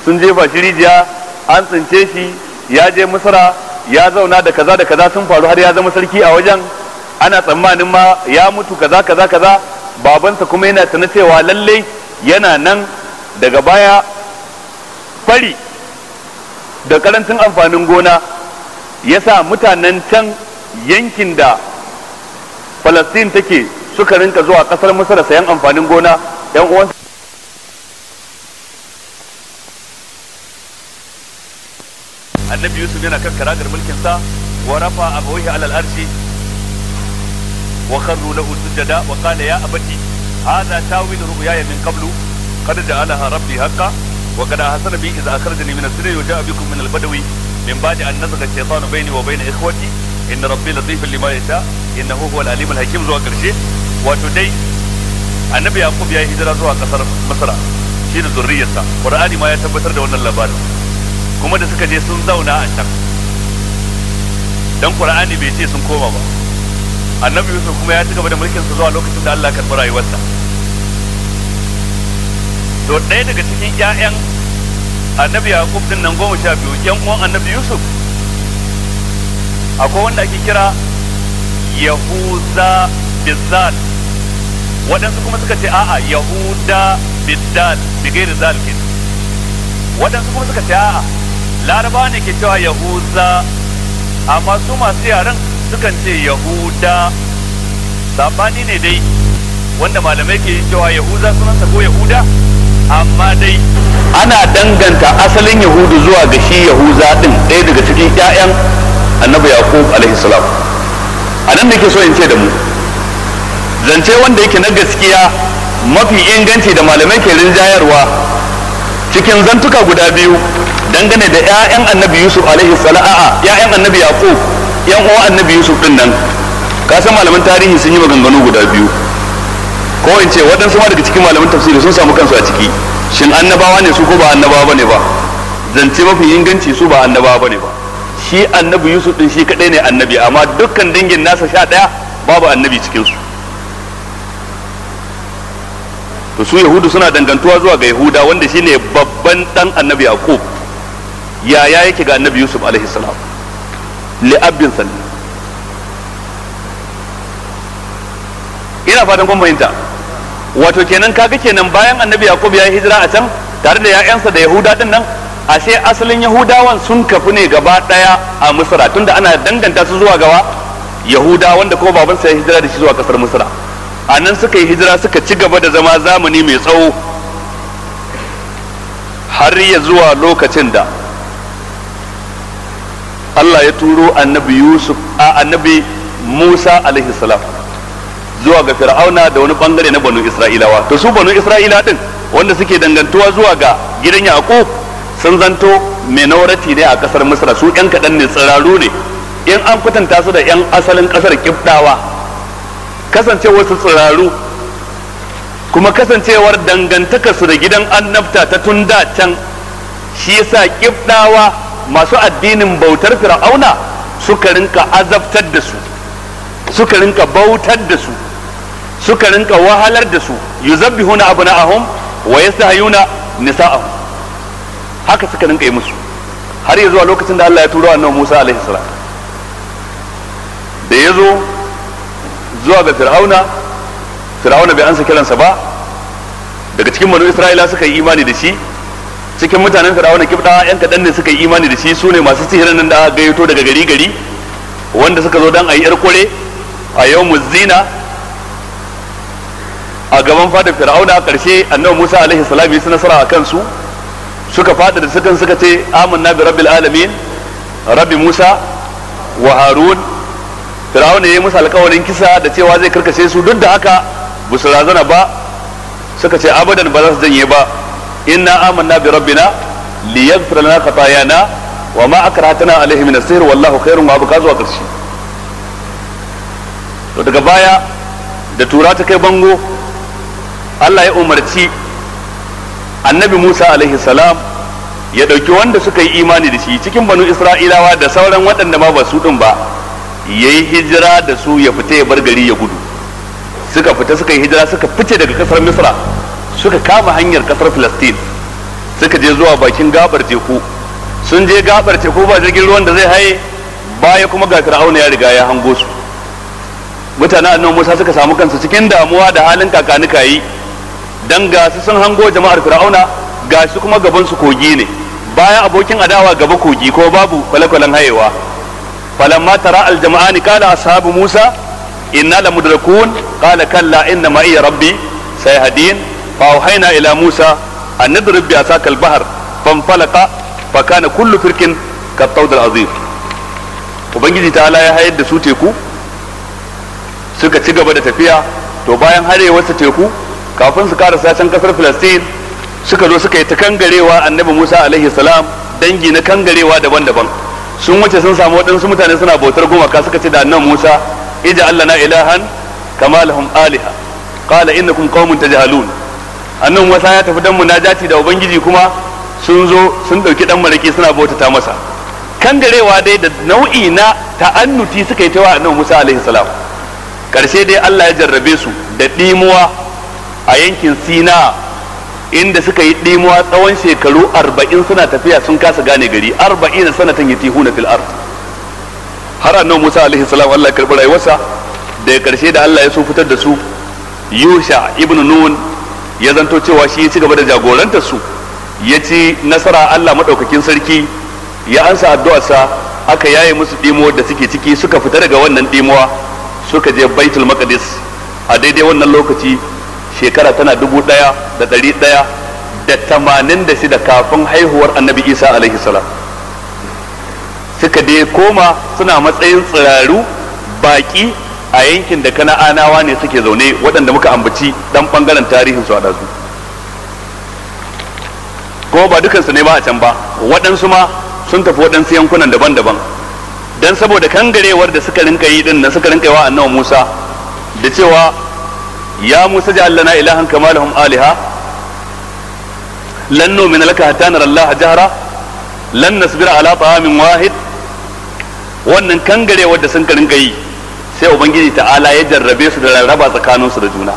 A: sun jefa shi rijiya an tsince shi ya je musra ya zauna da kaza da kaza sun faru har ya zama sarki a wajen ana tsammanin ma ya mutu kaza kaza kaza babansa kuma yana tana cewa lallai yana nan daga baya fari da karancin amfanin gona ya sa mutanen can yankin da falastin take suka rinka zuwa kasar masar sayan amfanin gona yan uwansu annabi yusuf yana kan karagar mulkinsa wa rafa abawaihi alal arshi wa kharru lahu sujada wa qala ya abati hadha tawil ru'yaya min qablu qad ja'alaha rabbi haqqan وقد حسن بي إذا أخرجني من السجن وجاء بكم من البدو من بعد أن نزغ الشيطان بيني وبين إخوتي إن ربي لطيف لما يشاء إنه هو العليم الحكيم زوا كرشي وتدي annabi yaqub yayi hijira zuwa kasar masra shi da zurriyarsa qur'ani ma ya tabbatar da wannan labarin kuma da suka je sun zauna a can dan qur'ani bai ce sun koma ba annabi yusuf kuma ya ci gaba da mulkin sa zuwa lokacin da Allah ya karɓi rayuwarsa to ɗaya daga cikin ƴaƴan annabi yaqub din nan goma sha biyu ƴan uwan annabi yusuf akwai wanda ake kira yahuza bizzal waɗansu kuma suka ce a'a yahuda bizzal bigir zal ke. waɗansu kuma suka ce a'a laraba ne ke cewa yahuza amma su masu yaren sukan ce yahuda sabani ne dai wanda malamai ke cewa yahuza sunansa ko yahuda amma dai ana danganta asalin yahudu zuwa ga shi yahuza din ɗaya daga cikin ƴaƴan annabi yaqub alaihi salam a nan nake so in ce da mu zance wanda yake na gaskiya mafi inganci da malamai ke rinjayarwa cikin zantuka guda biyu dangane da ƴaƴan annabi yusuf alaihi salam ƴaƴan annabi yaqub ƴan uwa annabi yusuf din nan kasan malaman tarihi sun yi maganganu guda biyu ko in ce waɗansu ma daga cikin malamin tafsiri sun samu kansu a ciki shin annabawa ne su ko ba annabawa bane ba zance mafi inganci su ba annabawa bane ba shi annabi yusuf din shi kadai ne annabi amma dukkan dangin nasa sha daya babu annabi cikin su to su yahudu suna dangantuwa zuwa ga yahuda wanda shine babban dan annabi yaqub yaya yake ga annabi yusuf alaihi salam li abin sallam ina fatan kun fahimta wato kenan kaga kenan bayan annabi yaqub ya yi hijira a can tare da ya'yansa da yahuda din nan ashe asalin yahudawan sun kafu ne gaba daya a misra tunda ana danganta su zuwa gawa yahuda wanda kuma babansa ya hijira da shi zuwa kasar misra a nan suka yi hijira suka ci gaba da zama zamani mai tsawo har ya zuwa lokacin da Allah ya turo annabi Yusuf a annabi Musa alaihi salam zuwa ga fir'auna da wani bangare na banu isra'ilawa to su banu isra'ila din wanda suke dangantuwa zuwa ga gidan yaqub sun zanto minority ne a kasar misra su yan kadan ne tsiraru ne in an kwatanta su da yan asalin kasar kibdawa kasancewar su tsiraru kuma kasancewar dangantakar su da gidan annabta ta tunda can shi yasa kibdawa masu addinin bautar fir'auna suka rinka azabtar da su suka rinka bautar da su suka rinka wahalar da su na abna'ahum wa yastahyuna nisa'ahum haka suka rinka yi musu har ya zuwa lokacin da Allah ya turo annabi Musa alaihi salam da ya zo zuwa ga fir'auna fir'auna bai ansa kiransa ba daga cikin manu isra'ila suka yi imani da shi cikin mutanen fir'auna kibda yan kadan ne suka yi imani da shi su ne masu sihirin nan da aka gayyato daga gari gari wanda suka zo don a yi yar kore a yau muzina a gaban fadar fir'auna a ƙarshe annabi Musa alaihi salam yi nasara a kansu suka fada da sukan suka ce amanna bi rabbil alamin rabbi Musa wa Harun fir'auna yayi musu alƙawarin kisa da cewa zai karkashe su duk da haka ba su razana ba suka ce abadan ba za su janye ba inna amanna bi rabbina liyaghfir lana khatayana wa ma akrahtana alaihi min as-sihr wallahu khairun wa abqa zuwa ƙarshe to daga baya da tura ta kai bango Allah ya umarci annabi Musa alaihi salam ya ɗauki wanda suka yi imani da shi cikin banu Isra'ilawa da sauran waɗanda ma ba su ɗin ba ya yi hijira da su ya fita ya bar gari ya gudu suka fita suka yi hijira suka fice daga ƙasar Misra suka kama hanyar ƙasar Filastin suka je zuwa bakin gabar teku sun je gabar teku ba jirgin ruwan da zai haye baya kuma ga Fir'auna ya riga ya hango su mutanen annabi Musa suka samu kansu cikin damuwa da halin kakanika yi dan ga su sun hango jama'ar fir'auna ga su kuma gaban su kogi ne bayan abokin adawa gaba kogi ko babu kwale-kwalen hayewa falamma tara aljama'ani qala ashabu musa inna mudrakun qala kalla inna ma iya rabbi sayhadin fa auhayna ila musa an nadrib bi asakal bahr fanfalaqa fa kana kullu firkin kattawd alazim ubangiji ta'ala ya hayar da su teku suka ci gaba da tafiya to bayan harewarsa teku kafin su kara sashen kasar filastin suka zo suka yi ta kangarewa annabi musa alaihi salam dangi na kangarewa daban-daban sun wuce sun samu waɗansu mutane suna bautar gumaka suka ce da annabi musa ija allah na ilahan kama lahum aliha qala innakum qaumun tajhalun annabi musa ya tafi dan najati da ubangiji kuma sun zo sun dauki dan maraki suna bautata masa kangarewa dai da nau'i na ta'annuti suka yi ta wa annabi musa alaihi salam karshe dai allah ya jarrabe su da dimuwa a yankin sina inda suka yi ɗimuwa tsawon shekaru arba'in suna tafiya sun kasa gane gari arba'in sanatan yatihuna fil ard har annabi Musa alaihi salam Allah karbi rayuwarsa daga karshe da Allah ya so fitar da su Yusha ibn Nun ya zanto cewa shi ya ci gaba da jagorantar su ya ci nasara Allah madaukakin sarki ya ansa sa aka yaye musu ɗimuwar da suke ciki suka fita daga wannan ɗimuwa suka je Baitul Maqdis a daidai wannan lokaci shekara tana dubu ɗaya da ɗari ɗaya da tamanin da shida kafin haihuwar annabi isa alaihi salam suka dai koma suna matsayin tsiraru baƙi a yankin da kana'anawa ne suke zaune waɗanda muka ambaci ɗan ɓangaren tarihin su a ɗazu kuma ba dukansu ne ba a can ba waɗansu ma sun tafi waɗansu yankunan daban-daban don saboda kangarewar da suka rinka yi din na suka rinka yi wa annabi musa da cewa ya musa ja'al lana ilahan kama aliha lan nu'mina laka hatta nara allaha jahra lan nasbira ala ta'amin wahid wannan kangare wanda sun karin rinka yi sai ubangiji ta'ala ya jarrabe su da rarraba tsakanin su da juna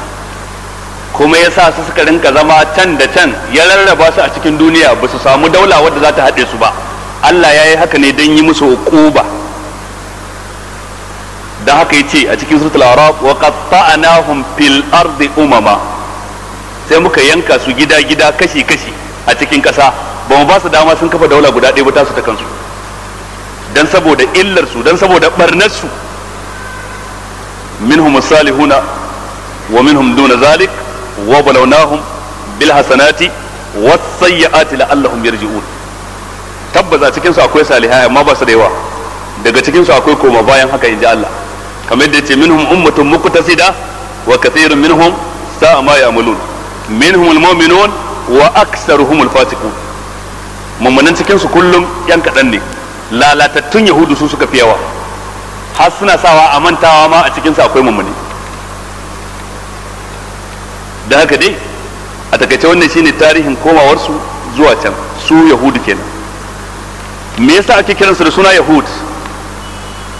A: kuma ya sa su suka rinka zama can da can ya rarraba su a cikin duniya ba su samu daula wadda za ta haɗe su ba Allah ya yi haka ne don yi musu uquba dan haka ce a cikin suratul araf wa qatta'nahum fil ardi umama sai muka yanka su gida gida kashi kashi a cikin kasa ba mu ba su dama sun kafa daula guda ɗaya ba ta su ta kansu dan saboda illar su dan saboda barnar su minhum salihuna wa minhum duna zalik wa balawnahum bil hasanati was sayyiati la'allahum yarji'un tabbata cikin su akwai salihai amma ba su da yawa daga cikin su akwai koma bayan haka inji Allah kamar yadda yace minhum ummatun muqtasida wa kathirun minhum sa'a ma ya'malun minhum almu'minun wa aktsaruhum alfasiqun mummunan cikin su kullum yan kadan ne lalatattun yahudu su suka fi yawa har suna sawa a mantawa ma a cikin su akwai mummuni da haka dai a takaice wannan shine tarihin komawar su zuwa can su yahudu kenan me yasa ake kiransu da suna yahud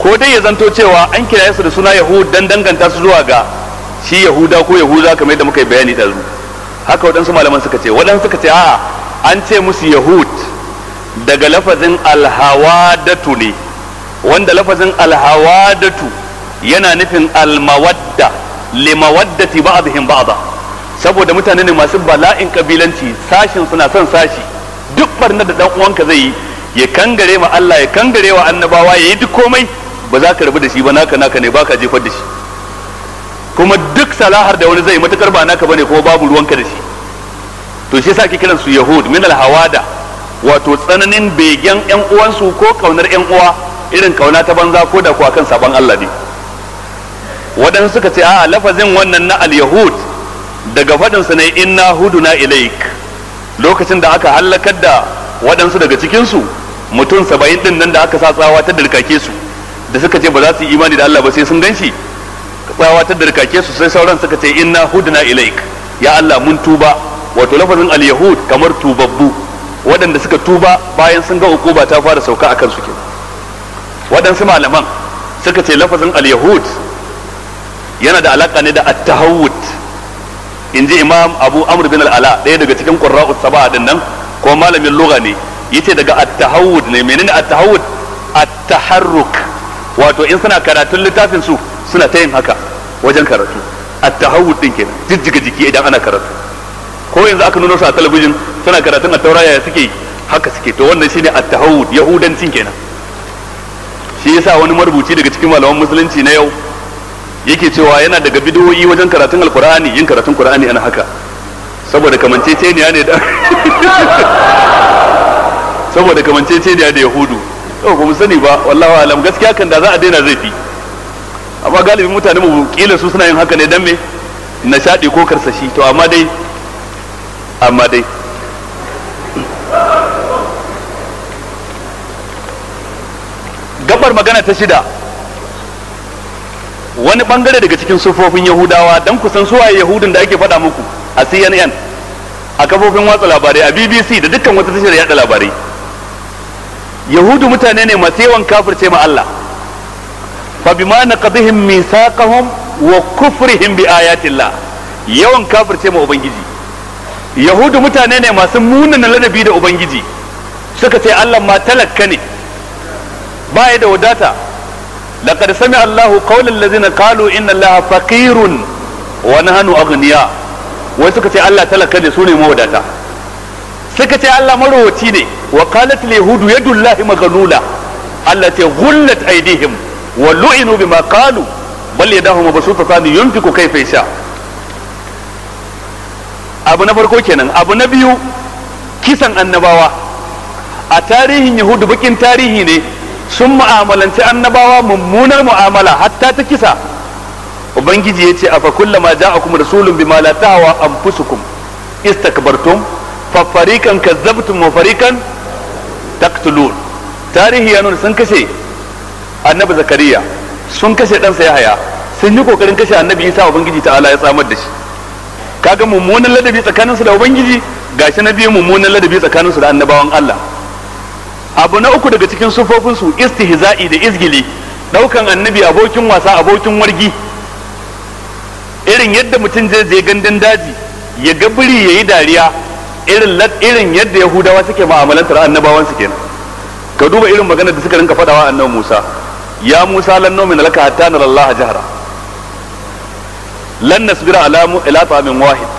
A: ko dai ya zanto cewa an kiraye su da suna yahud dan danganta su zuwa ga shi yahuda ko yahuda kamar yadda muka yi bayani da haka waɗansu malaman suka ce waɗansu suka ce a'a an ce musu yahud daga lafazin alhawadatu ne wanda lafazin alhawadatu yana nufin almawadda limawaddati ba'dihim ba'da saboda mutane ne masu bala'in kabilanci sashin suna son sashi duk barna da dan uwanka zai yi ya kangare ma Allah ya kangare wa annabawa ya yi duk komai ba za ka rabu da shi ba naka naka ne ba ka jefar da shi kuma duk salahar da wani zai matukar ba naka bane kuma babu ruwanka da shi to shi sa ake kiran su yahud min al hawada wato tsananin begen yan uwansu ko kaunar yan uwa irin kauna ta banza ko da kuwa kan saban Allah ne waɗansu suka ce a lafazin wannan na al yahud daga faɗinsa ne inna huduna ilaik lokacin da aka hallakar da waɗansu daga cikin su mutum saba'in ɗin nan da aka sa tsawa ta dirkake su da suka ce ba za su yi imani da Allah ba sai sun shi tsawa ta darkake su sai sauran suka ce inna hudna ilaik ya Allah mun tuba wato lafazin al kamar tubabbu waɗanda suka tuba bayan sun ga ukuba ta fara sauka a su ke waɗansu malaman suka ce lafazin al yana da alaka ne da at tahawwud in ji imam abu amr bin al-ala ɗaya daga cikin qurra'u sab'a din nan ko malamin lugha ne yace daga at tahawwud ne menene at tahawwud at-taharruk wato in suna karatun littafin su suna ta yin haka wajen karatu a tahawud din kenan jijjiga jiki idan ana karatu ko yanzu aka nuna su a talabijin suna karatun a tauraya yaya suke haka suke to wannan shine at-tahawud yahudancin kenan shi yasa wani marubuci daga cikin malaman musulunci na yau yake cewa yana daga bidiyoyi wajen karatun alkur'ani yin karatun qur'ani ana haka saboda kamanceceniya ne da [LAUGHS] saboda kamanceceniya da yahudu yau ba mu sani ba wallahi alam gaskiya kan da za a daina zai fi amma galibin mutane mu kila su suna yin haka ne dan me nishadi ko karsashi to amma dai amma dai gabar magana ta shida wani bangare daga cikin sufofin yahudawa don kusan suwaye yahudun da ake faɗa muku a cnn a kafofin watsa labarai a bbc da dukkan wata tashar yada labarai yahudu mutane ne masu yawan kafirce ma Allah fa bima mithaqahum wa kufrihim bi ayatillah yawan kafirce ma ubangiji yahudu mutane ne masu munana ladabi da ubangiji suka ce Allah ma talakka ne baya da wadata laqad sami Allahu qawlan allazina qalu inna Allaha faqirun wa nahnu aghniya wai suka ce Allah talakka ne sune mawadata suka ce Allah marowaci ne wa qalat al yahudu yadullahi maghlula allati ghullat aydihim wa lu'inu bima qalu bal yadahu mabsuutatan yunfiqu kayfa yasha abu na farko kenan abu na biyu kisan annabawa a tarihin yahudu bakin tarihi ne sun mu'amalanci annabawa mummunar mu'amala hatta ta kisa ubangiji ya ce a fakullama ja'akum rasulun bima la tahwa anfusukum istakbartum fa fariqan kazzabtum wa farikan. taktulun tarihi ya nuna sun kashe annabi zakariya sun kashe ɗansa haya sun yi kokarin kashe annabi isa ubangiji ta'ala ya samar da shi kaga mummunan ladabi tsakanin su da ubangiji shi na biyu mummunan ladabi tsakanin su da annabawan Allah abu na uku daga cikin sufofin su istihza'i da izgili daukan annabi abokin wasa abokin wargi irin yadda mutum zai je gandun daji ya ga biri yayi dariya irin irin yadda yahudawa suke mu'amalantar annabawan su kenan ka duba irin maganar da suka rinka fadawa annabi Musa ya Musa lan nu'mina laka hatta nar Allah jahra lan nasbira ala ila min wahid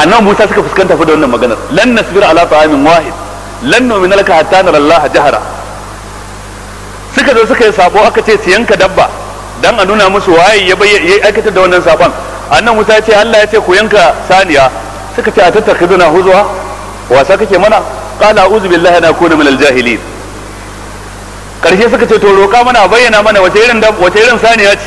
A: annabi Musa suka fuskanta fa da wannan maganar lan nasbira ala min wahid lan nu'mina laka hatta nar Allah jahra suka zo suka yi sabo aka ce su yanka dabba dan a nuna musu waye ya aikata da wannan sabon annan Musa ya ce Allah ya ce ku yanka saniya suka ce a tattakhiduna huzwa wasa kake mana qala a'udhu billahi na kuna minal jahilin karshe suka ce to roƙa mana bayyana mana wace irin wace irin saniya ce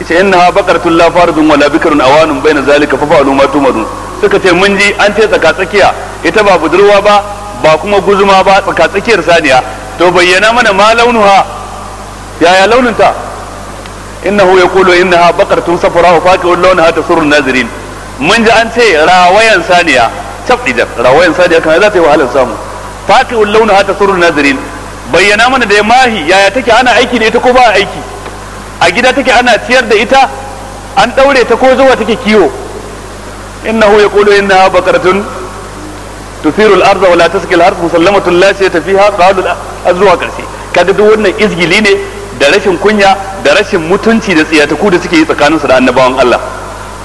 A: yace innaha baqaratun la faridun wala bikrun awanun baina zalika fa fa'alu ma tumadun suka ce mun ji an ce tsaka tsakiya ita ba budurwa ba ba kuma guzuma ba tsaka tsakiyar saniya to bayyana mana ma launuha yaya launinta innahu yaqulu innaha baqaratun safra wa faqi'un launaha tasurru nazirin mun ji an ce rawayan saniya da rawayan saniya kana za ta yi wahalar samu fatiul launu hata surur nazirin bayyana mana da mahi yaya take ana aiki da ita ko ba aiki a gida take ana ciyar da ita an daure ta ko zuwa take kiwo innahu yaqulu innaha baqaratun tuthiru al-ardha wa la tasqi al-ardh musallamatun la shay'a fiha qalu azwa karshe kaga duk wannan izgili ne da rashin kunya da rashin mutunci da tsiyataku da suke yi tsakanin su da annabawan Allah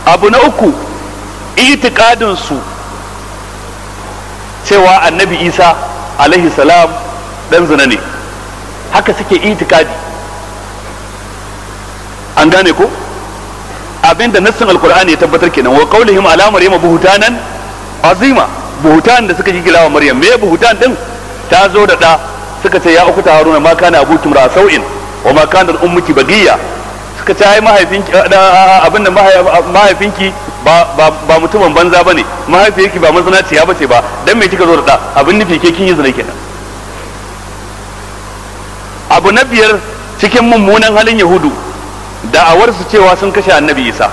A: abu na uku itikadin su cewa annabi isa alaihi salam dan zina ne haka suke itikadi an gane ko abinda nassin alkur'ani ya tabbatar kenan wa qaulihim ala maryama buhutanan azima buhutan da suka gigila wa maryam me buhutan din ta zo da da suka ce ya ukuta haruna ma kana abukum rasau'in sau'in wa ma kana ummuki bagiya suka ce ai mahaifinki eh, abinda mahaifinki ba mutumin banza ba ne, mahaifiyarki ba mazanaciya bace ba don me kika zo da da abin nufi ke kin yi zina kenan abu na biyar cikin mummunan halin yahudu da'awar su cewa sun kashe annabi isa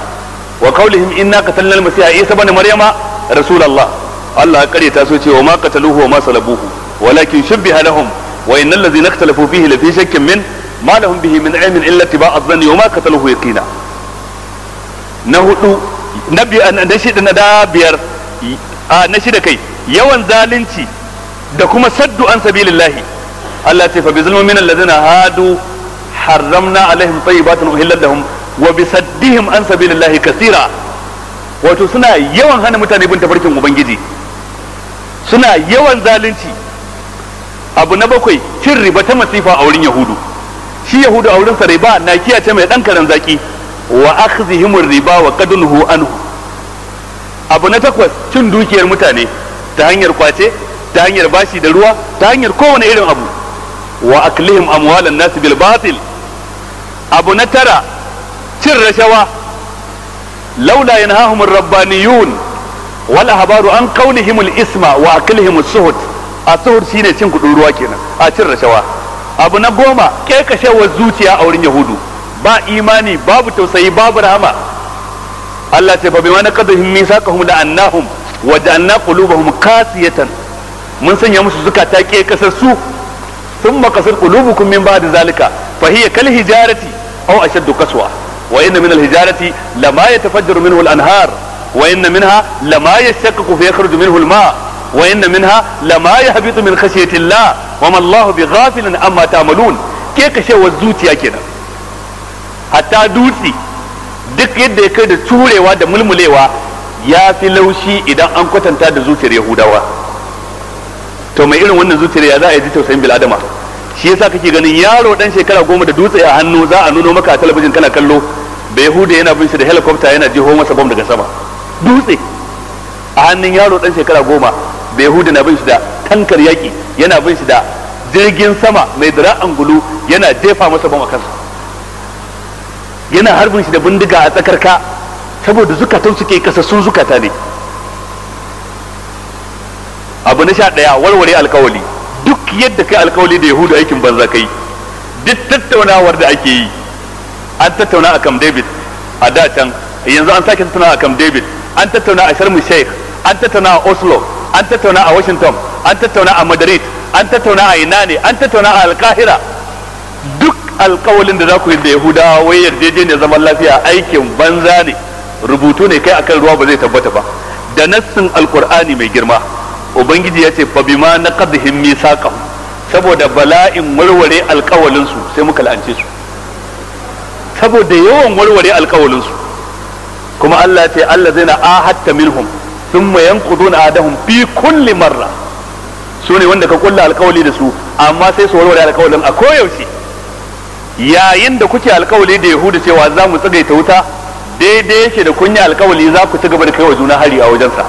A: wa na inna qatalna al a isa ba ne maryama rasulullah Allah ya ta so cewa ma qataluhu wa ma salabuhu walakin shubbiha lahum wa innal ladzina ikhtalafu fihi lafi shakkin min ma lahum bihi min ilmin illa tiba'a dhanni wa ma qataluhu yaqina na hudu Ah, na shida na da biyar ah, na shida kai yawan zalunci da kuma saddu an sabilillahi Allah ce fa bi zulmin allazina hadu harramna alaihim tayyibatin uhillat lahum wa bi saddihim an sabilillahi kaseera wato suna yawan hana mutane bin tafarkin ubangiji suna yawan zalunci abu na bakwai cin riba ta masifa a wurin yahudu shi yahudu a wurin sa riba na kiyace mai dan karan zaki wa akhdhihim riba wa qadnuhu anhu abu na takwas cin dukiyar mutane ta hanyar kwace ta hanyar bashi da ruwa ta hanyar kowane irin abu wa aklihim amwalan nas bil batil abu na tara cin rashawa laula yanhahum ar-rabbaniyun wal habaru an qawlihim al-isma wa aklihim as-suhud as-suhud shine cin kudin ruwa kenan a cin rashawa abu na goma kekashewar zuciya a wurin yahudu ba imani babu tausayi babu rahama Allah ce fa bima naqadhum mithaqahum la'annahum wa ja'alna qulubahum qasiyatan mun sanya musu zukata ke kasar su thumma qasar qulubukum min ba'di zalika fa hiya kal hijarati aw ashaddu qaswa wa inna min al hijarati lama yatafajjaru minhu al anhar wa inna minha lama yashaqqaqu fa yakhruju minhu al ma' wa inna minha lama yahbitu min khashyati Allah wa ma Allah bighafilin amma ta'malun ke wa zuciya kenan hatta dutse duk yadda ya kai da turewa da mulmulewa ya fi laushi idan an kwatanta da zuciyar yahudawa to mai irin wannan zuciyar ya za a yi tausayin bil'adama shi yasa kake ganin yaro dan shekara goma da dutse a hannu za a nuno maka a talabijin kana kallo bai yahuda yana bin shi da helicopter yana jiho masa bom daga sama dutse a hannun yaro dan shekara goma bai yahuda na bin shi da tankar yaki yana bin shi da jirgin sama mai dira'an gulu yana jefa masa bom a kansa yana harbin shi da bindiga a tsakar ka saboda zukatan suke kasassun zukata ne abu na sha ɗaya warware alkawali duk yadda kai alkawali da yahudu aikin banza kai duk tattaunawar da ake yi an tattauna a kam david a da yanzu an sake tattauna a kam david an tattauna a sharmu sheikh an tattauna a oslo an tattauna a washington an tattauna a madrid an tattauna a ina an tattauna a alkahira duk alkawalin da za ku yi da yahudawa wai yarjejeniyar zaman lafiya aikin banza ne rubutu ne kai akan ruwa ba zai tabbata ba da nassin alkur'ani mai girma ubangiji ya ce fabima na qadhim misaqahum saboda bala'in warware alkawalin su sai muka la'ance su saboda yawan warware alkawalin su kuma Allah ce Allah zai na ahatta minhum thumma yanquduna adahum fi kulli marra su ne wanda ka kulla alkawali da su amma sai su warware alkawalin a koyaushe yayin da kuke alkawali da yahudu cewa za mu tsagai ta wuta daidai yake da kunya alkawali za ku ci gaba da kai wa juna hari a wajensa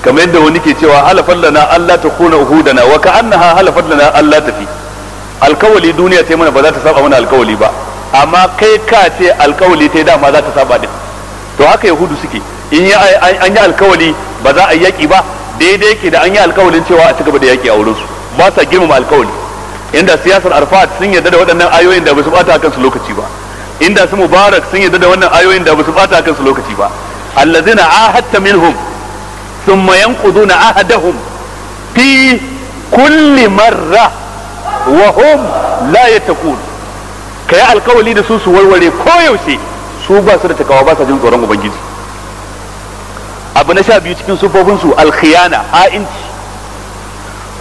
A: kamar yadda wani ke cewa halafan lana Allah ta kuna uhudana wa ka annaha halafan lana Allah tafi alkawali duniya ta mana ba za ta saba mana alkawali ba amma kai ka ce alkawali ta dama za ta saba din to haka yahudu suke in an yi alkawali ba za a yi yaƙi ba daidai ke da an yi alkawalin cewa a ci gaba da yaƙi a wurinsu ba sa girmama alkawali inda siyasar arfat sun yarda da waɗannan ayoyin da ba su bata kansu lokaci ba inda su mubarak sun yarda da wannan ayoyin da ba su bata kansu lokaci ba allazina ahadta minhum thumma yanquduna ahadahum fi kulli marra wa hum la yattaqun kai alkawali da su su warware koyaushe su ba su da takawa ba sa jin tsoron ubangiji abu na sha biyu cikin sufofin su alkhiyana ha'inci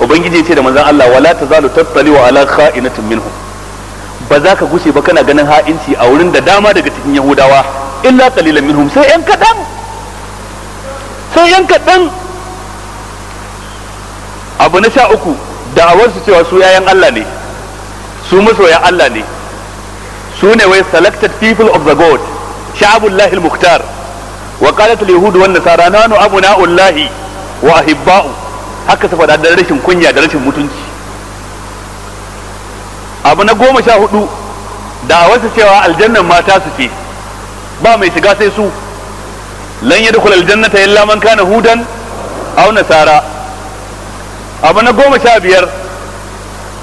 A: ubangiji ce da manzon Allah wala tazalu wa ala kha'inatin minhum ba za ka gushe ba kana ganin ha'inci a wurin da dama daga cikin yahudawa illa qalilan minhum sai yan kadan sai yan kadan abu na sha uku da'awar su cewa su yayan Allah ne su masoyan Allah ne su ne wai selected people of the god sha'abullahi al-mukhtar wa qalat al-yahud wan nasara nanu wa ahibba'u haka su faɗa da rashin kunya da rashin mutunci abu na goma sha hudu da wasu cewa aljannan mata su ce ba mai shiga sai su lan aljanna ta yi man kana hudan aw nasara abu na goma sha biyar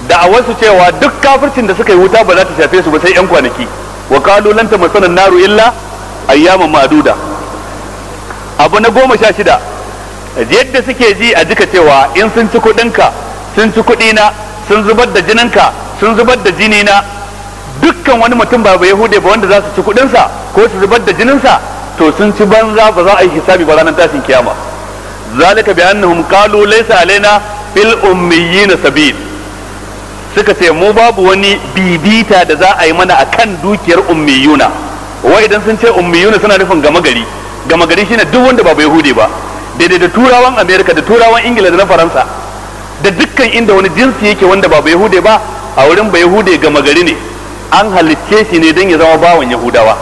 A: da a wasu cewa duk kafircin da suka yi wuta ba za ta shafe su ba sai yan kwanaki wa kalu lan tamassana naru illa ayyaman ma'duda abu na goma sha shida yadda suke ji a jika cewa in sun ci kuɗinka sun ci kudina sun zubar da jininka sun zubar da jinina dukkan wani mutum ba ba yahude ba wanda za su ci kuɗinsa ko su zubar da jininsa to sun ci banza ba za a yi hisabi ba ranar tashin kiyama zalika bi annahum qalu laysa alaina fil ummiyuna sabil suka ce mu babu wani bibita da za a yi mana akan dukiyar ummiyuna wai idan sun ce ummiyuna suna nufin gama gari gama gari shine duk wanda ba yahude ba daidai da turawan amerika da turawan ingila da na faransa da dukkan inda wani jinsi yake wanda ba yahude ba a wurin ba yahude gama gari ne an halicce shi ne don ya zama bawan yahudawa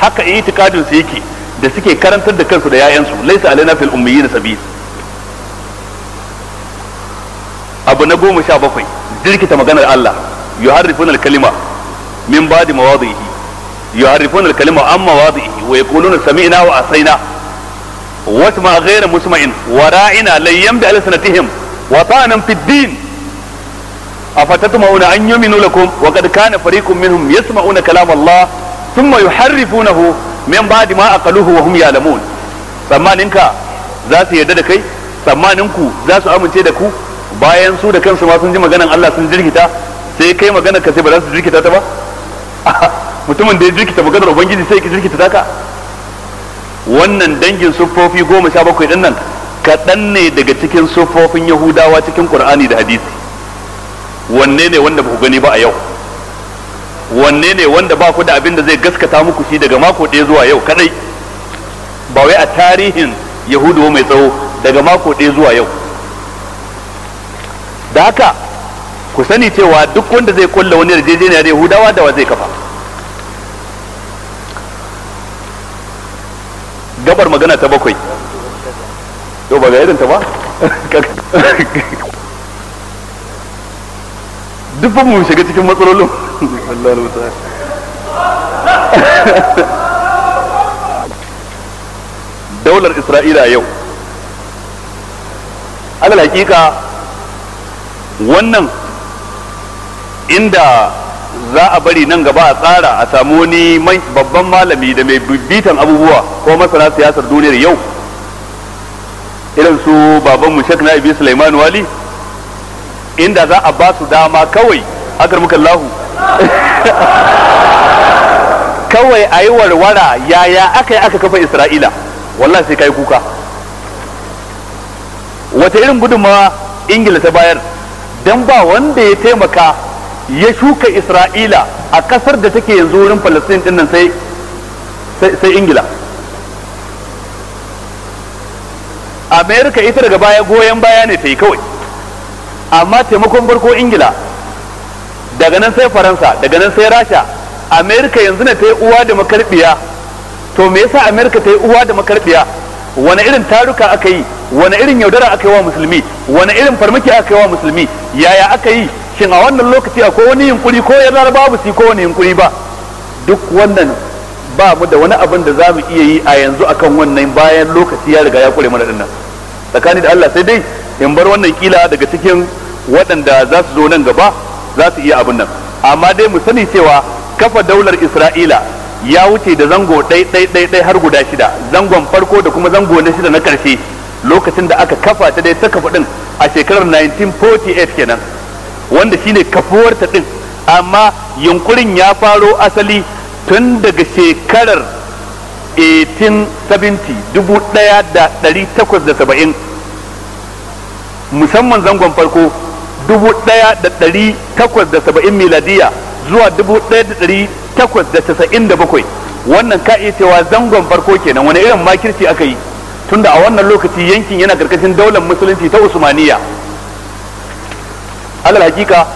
A: haka itikadin su yake da suke karantar da kansu da 'ya'yansu laisa alaina fil na sabi abu na goma sha bakwai jirkita maganar Allah yuharrifuna al-kalima min ba'di mawadihi yuharrifuna kalima amma mawadihi wa yaquluna sami'na wa asaina واسمع غير مسمع ورائنا ليم بألسنتهم وطعنا في الدين أفتطمعون أن يؤمنوا لكم وقد كان فريق منهم يسمعون كلام الله ثم يحرفونه من بعد ما أقلوه وهم Tsammanin ka za su yarda da kai ku za su amince da ku bayan su da kansu ma sun ji maganan Allah sun jirkita sai kai magana ka sai ba za su jirkita ta ba mutumin da ya jirkita maganar ubangiji sai ki jirkita ta ka wannan dangin siffofi goma sha bakwai ɗin nan kaɗan ne daga cikin siffofin yahudawa cikin ƙur'ani da hadisi wanne ne wanda ba ku gani ba a yau wanne ne wanda ba ku da abin da zai gaskata muku shi daga mako ɗaya zuwa yau kadai ba wai a tarihin yahudu mai tsawo daga mako ɗaya zuwa yau da haka ku sani cewa duk wanda zai kulla wani yarjejeniya da yahudawa da wa zai kafa gabar magana ta bakwai to ba ga irinta ba duk ba mu shiga cikin matsalolin daular Isra'ila yau alal hakika wannan inda za a bari nan gaba a tsara a samu wani babban malami da mai bitan abubuwa ko masana siyasar duniyar yau irin su baban mu Sheikh Na'ibi Sulaiman Wali inda za a ba su dama kawai akar muka Allahu [LAUGHS] kawai a yi warwara yaya aka yi aka kafa Isra'ila wallahi sai kai kuka wata irin gudunmawa Ingila ta bayar Don ba wanda ya taimaka ya shuka isra'ila a kasar da take yanzu wurin palestine din nan sai sai ingila america ita daga baya goyon baya ne ta yi kawai amma taimakon farko ingila daga nan sai faransa daga nan sai rasha america yanzu na ta yi uwa da makarbiya to me yasa america ta yi uwa da makarbiya wani irin taruka aka yi wani irin yaudara aka yi wa musulmi wani irin farmaki aka yi wa musulmi yaya aka yi shin a wannan lokaci akwai wani yunkuri ko ya zara babu si ko wani yunkuri ba duk wannan ba mu da wani abin da za mu iya yi a yanzu akan wannan bayan lokaci ya riga ya kure mana dinnan tsakani da Allah sai dai in bar wannan kila daga cikin waɗanda za su zo nan gaba za su iya abin nan amma dai mu sani cewa kafa daular Isra'ila ya wuce da zango ɗai ɗai ɗai ɗai har guda shida zangon farko da kuma zango na shida na ƙarshe lokacin da aka kafa ta dai ta kafa din a shekarar 1948 kenan wanda shine kafuwar ta din amma yunkurin ya faro asali tun daga shekarar 1870 musamman zangon farko 1870 miladiya zuwa 1897 wannan ka iya cewa zangon farko kenan wani irin makirci aka yi tunda a wannan lokaci yankin yana karkashin daular musulunci ta usmaniya alal hakika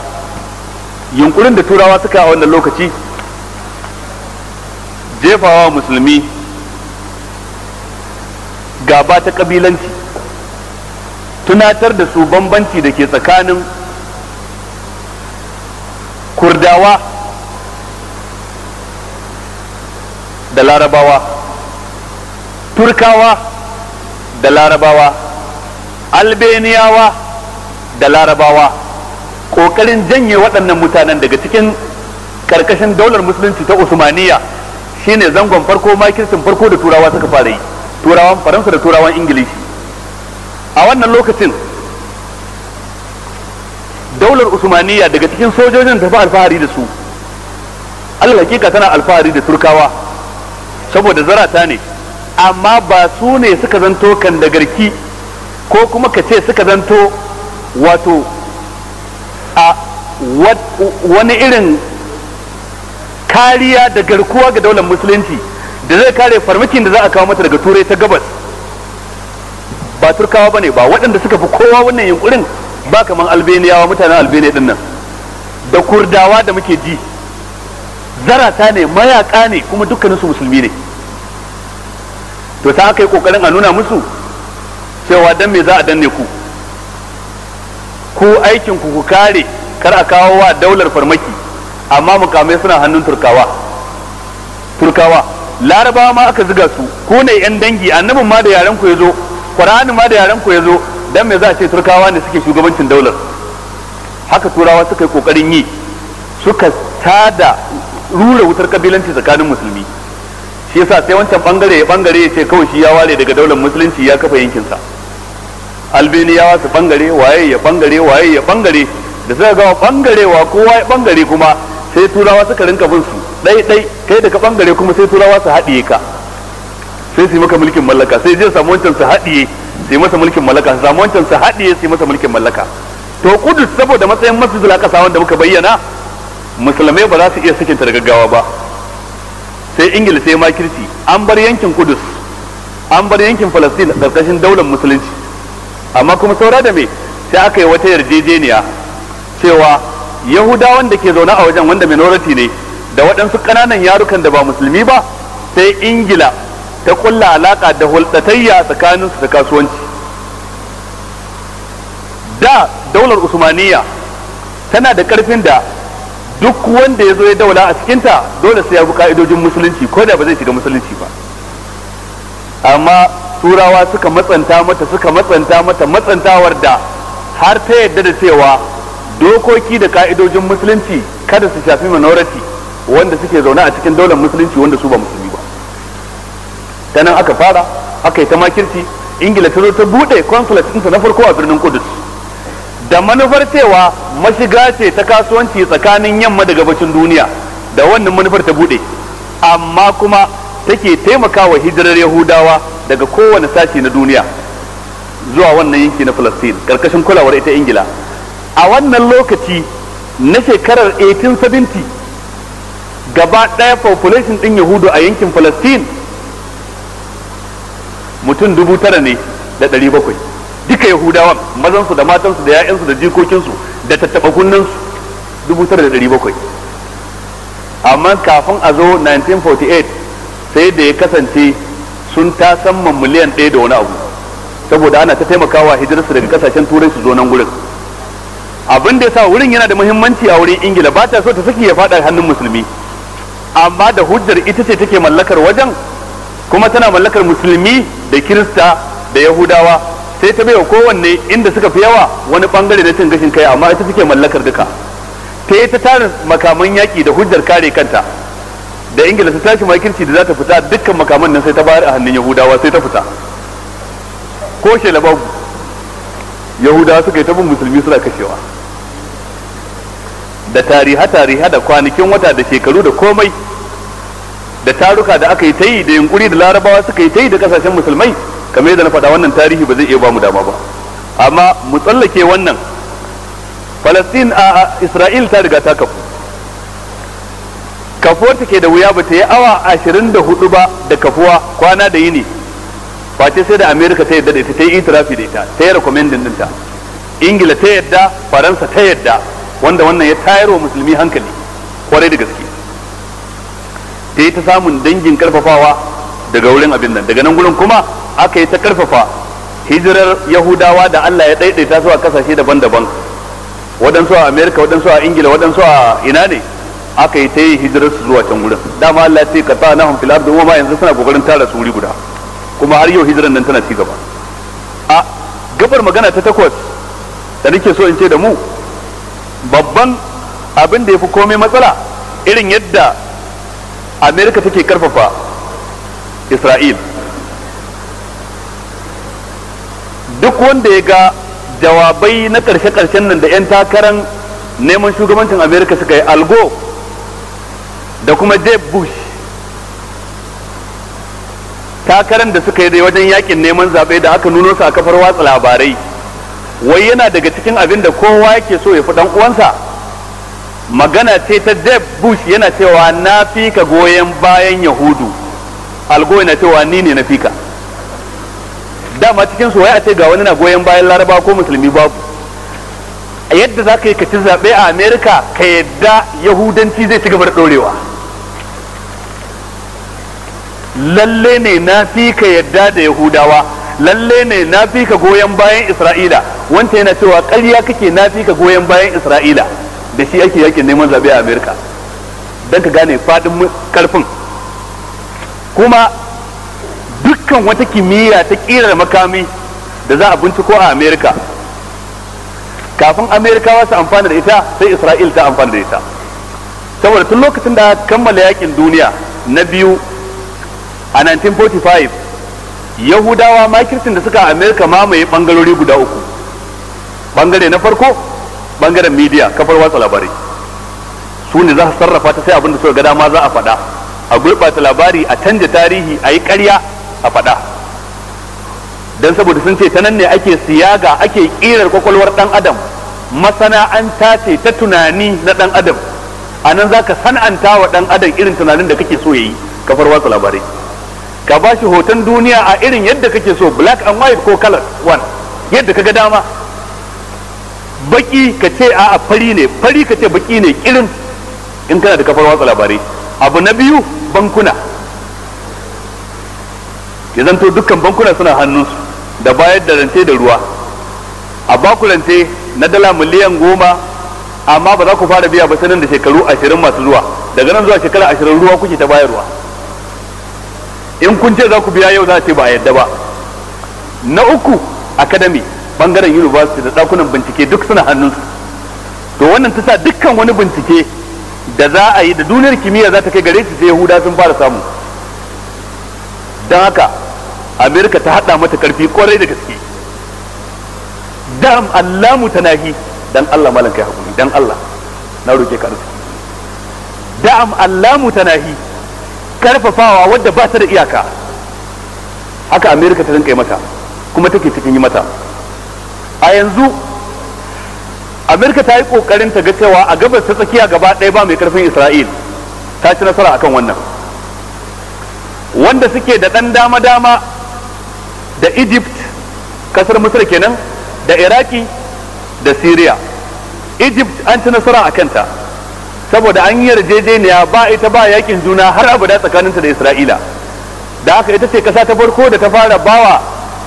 A: yunkurin da turawa suka a wannan lokaci jefawa musulmi gaba ta kabilanci tunatar da su bambanci da ke tsakanin kurdawa da larabawa turkawa da larabawa albeniyawa da larabawa kokarin janye waɗannan mutanen daga cikin karkashin daular musulunci ta Usmaniya shine zangon farko makircin farko da turawa suka fara yi turawan faransa da turawan ingilishi a wannan lokacin daular usmaniya daga cikin sojojin ta fi alfahari da su alhakika tana alfahari da turkawa saboda zarata ne amma ba su ne suka zanto kan da ko kuma ka ce suka zanto wato a wani irin kariya da garkuwa ga daular musulunci da zai kare farmakin da za a kawo mata daga turai ta gabas ba turkawa ba ne ba waɗanda suka fi kowa wannan yunkurin ba kamar albaniyawa mutanen albaniya din nan da kurdawa da muke ji zarata ne mayaka ne kuma dukkaninsu musulmi ne to ta aka yi kokarin a nuna musu cewa dan me za a danne ku ku aikin ku kare kar a kawo wa daular farmaki amma mukamai suna hannun turkawa turkawa larabawa ma aka ziga su ku ne yan dangi annabin ma da yaren ku yazo qur'ani ma da yaren ku yazo dan me za a ce turkawa ne suke shugabancin daular haka turawa suka yi kokarin yi suka tada rura wutar kabilanci tsakanin musulmi shi yasa sai wancan bangare ya bangare ya ce kawai shi ya ware daga daular musulunci ya kafa yankinsa albiniyawa su bangare waye ya bangare waye ya bangare da suka gama bangarewa kowa ya bangare kuma sai turawa suka rinka bin su dai dai kai da ka bangare kuma sai turawa su haɗiye ka sai su yi maka mulkin mallaka sai je samu wancan su haɗiye su masa mulkin mallaka su samu wancan su haɗiye su masa mulkin mallaka to kudus saboda matsayin masjidul aqsa wanda muka bayyana musulmai ba za su iya sakinta da gaggawa ba sai ingila sai makirci an bar yankin kudus an bar yankin falastin a ƙarƙashin daular musulunci amma kuma saura da me sai aka yi wata yarjejeniya cewa yahudawan da ke zaune a wajen wanda minority ne da waɗansu ƙananan yarukan da ba musulmi ba sai ingila ta ƙulla alaƙa da hulɗatayya tsakanin su da kasuwanci da daular usmaniya tana da ƙarfin da duk wanda ya zo ya daula a cikinta dole sai ya bi ka'idojin musulunci ko da ba zai shiga musulunci ba amma turawa suka matsanta mata suka matsanta mata matsantawar da har ta yadda da cewa dokoki da ka'idojin musulunci kada su shafi minority wanda suke zaune a cikin daular musulunci wanda su ba musulmi ba ta nan aka fara aka yi ta makirci ingila ta zo ta buɗe consulate ɗinta na farko a birnin kudus da manufar cewa mashiga ce ta kasuwanci tsakanin yamma da gabacin duniya da wannan manufar ta buɗe amma kuma take taimakawa hijirar yahudawa daga kowane sashi na duniya zuwa wannan yanki na Palestine karkashin kulawar ita Ingila a wannan lokaci na shekarar 1870 gaba ɗaya population ɗin Yahudu a yankin Palestine mutum dubu tara ne da ɗari bakwai duka Yahudawan mazansu da matansu da 'ya'yansu da jikokinsu da tattaɓa dubu tara da ɗari bakwai amma kafin a zo 1948 sai da ya kasance sun ta samman miliyan ɗaya da wani abu saboda ana ta taimakawa hijirarsu daga kasashen turai su zo nan gurin abin da yasa wurin yana da muhimmanci a wurin ingila ba ta so ta saki ya fada hannun musulmi amma da hujjar ita ce take mallakar wajen kuma tana mallakar musulmi da kirista da yahudawa sai ta baiwa kowanne inda suka fi yawa wani bangare na cin gashin kai amma ita take mallakar duka ta yi ta tarin makaman yaki da hujjar kare kanta da ingila ta tashi makirci da za ta fita dukkan makaman nan sai ta bayar a hannun yahudawa sai ta fita ko shela yahudawa suka yi tabin musulmi suna kashewa da tariha tariha da kwanakin wata da shekaru da komai da taruka da aka yi ta yi da yunkuri da larabawa suka yi ta yi da kasashen musulmai kamar yadda na faɗa wannan tarihi ba zai iya ba mu dama ba amma mu tsallake wannan falastin a isra'il ta riga ta kafu kafuwar take da wuya ba ta yi awa ashirin da hudu ba da kafuwa kwana da yini ce sai da america ta yadda da ita ta yi itirafi da ita ta yi rekomendin dinta ingila ta yadda faransa ta yadda wanda wannan ya tayar wa musulmi hankali kwarai da gaske ta yi ta samun dangin karfafawa daga wurin abin nan daga nan gurin kuma aka yi ta karfafa hijirar yahudawa da allah ya ɗaiɗaita su a kasashe daban-daban waɗansu a america waɗansu a ingila waɗansu a ina ne aka yi ta yi hijirar su zuwa can gurin dama Allah ce ka ta fil ardi wa yanzu suna kokarin tara su wuri guda kuma har yau hijiran nan tana ci gaba a gabar magana ta takwas da nake so in ce da mu babban abin da ya fi komai matsala irin yadda amerika take karfafa isra'il duk wanda ya ga jawabai na karshe-karshen nan da 'yan takarar neman shugabancin amerika suka yi algo da kuma Jeb Bush takarar da suka yi dai wajen yakin neman zaɓe da aka nuno su a kafar watsa labarai wai yana daga cikin abin da kowa yake so ya fi dan uwansa magana ce ta Jeb Bush yana cewa na fi ka goyon bayan Yahudu algo yana cewa ni ne na fi ka dama cikin su wai a ce ga wani na goyon bayan Laraba ko musulmi babu yadda za ka yi ka ci zaɓe a Amerika ka yadda Yahudanci zai ci gaba da ɗorewa. lalle ne na fi ka yadda da yahudawa lalle ne na fi ka goyon bayan isra'ila wanda yana cewa ƙarya kake na fi ka goyon bayan isra'ila da shi ake yakin neman zabe a amerika don ka gane faɗin karfin kuma dukkan wata kimiyya ta ƙirar makami da za a binciko a amerika kafin amerikawa su amfana da ita sai isra'il ta amfana da ita saboda tun lokacin da kammala yakin duniya na biyu a 1945 yahudawa makircin da suka a amerika mamaye bangarori guda uku bangare na farko bangaren media kafar watsa labarai su ne za su sarrafa ta sai abinda suka ga dama za a faɗa a gurɓata labari a canja tarihi a yi ƙarya a faɗa don saboda sun ce ta nan ne ake siyaga ake kirar kwakwalwar ɗan adam masana'anta ce ta tunani na ɗan adam a nan za ka sana'anta wa ɗan adam irin tunanin da kake so ya yi kafar watsa labarai ka ba shi hoton duniya a irin yadda kake so black and white ko color one yadda ka ga dama baki ka ce a fari ne fari ka ce baki ne kirin in kana da kafar watsa labarai abu na biyu bankuna ya zanto dukkan bankuna suna hannunsu da bayar da rance da ruwa a baku rance na dala miliyan goma amma ba za ku fara biya ba sanin da shekaru ashirin masu zuwa daga nan zuwa shekara ashirin ruwa kuke ta bayarwa in kun ce za ku biya yau za ce ba yadda ba na uku academy bangaren university da dakunan bincike duk suna hannunsu to wannan ta sa dukkan wani bincike da za a yi da duniyar kimiyya za ta kai gare su sai yahuda sun fara samu don haka amerika ta hada mata karfi kwarai da gaske dam allamu tanahi dan allah malam kai hakuri dan allah na roke ka da'am allah mu tanahi karfafawa wadda ba ta da iyaka haka amerika ta rinka yi mata kuma take cikin yi mata a yanzu amerika ta yi kokarin ta ga cewa a gabas ta tsakiya gaba ɗaya ba mai karfin isra'il ta ci nasara akan wannan wanda suke da ɗan dama-dama da egypt kasar misir kenan da iraki da syria egypt an ci nasara a kanta saboda an yi yarjejeniya ba ita ba yakin juna har abada tsakaninta da Isra'ila da haka ita ce kasa ta farko da ta fara bawa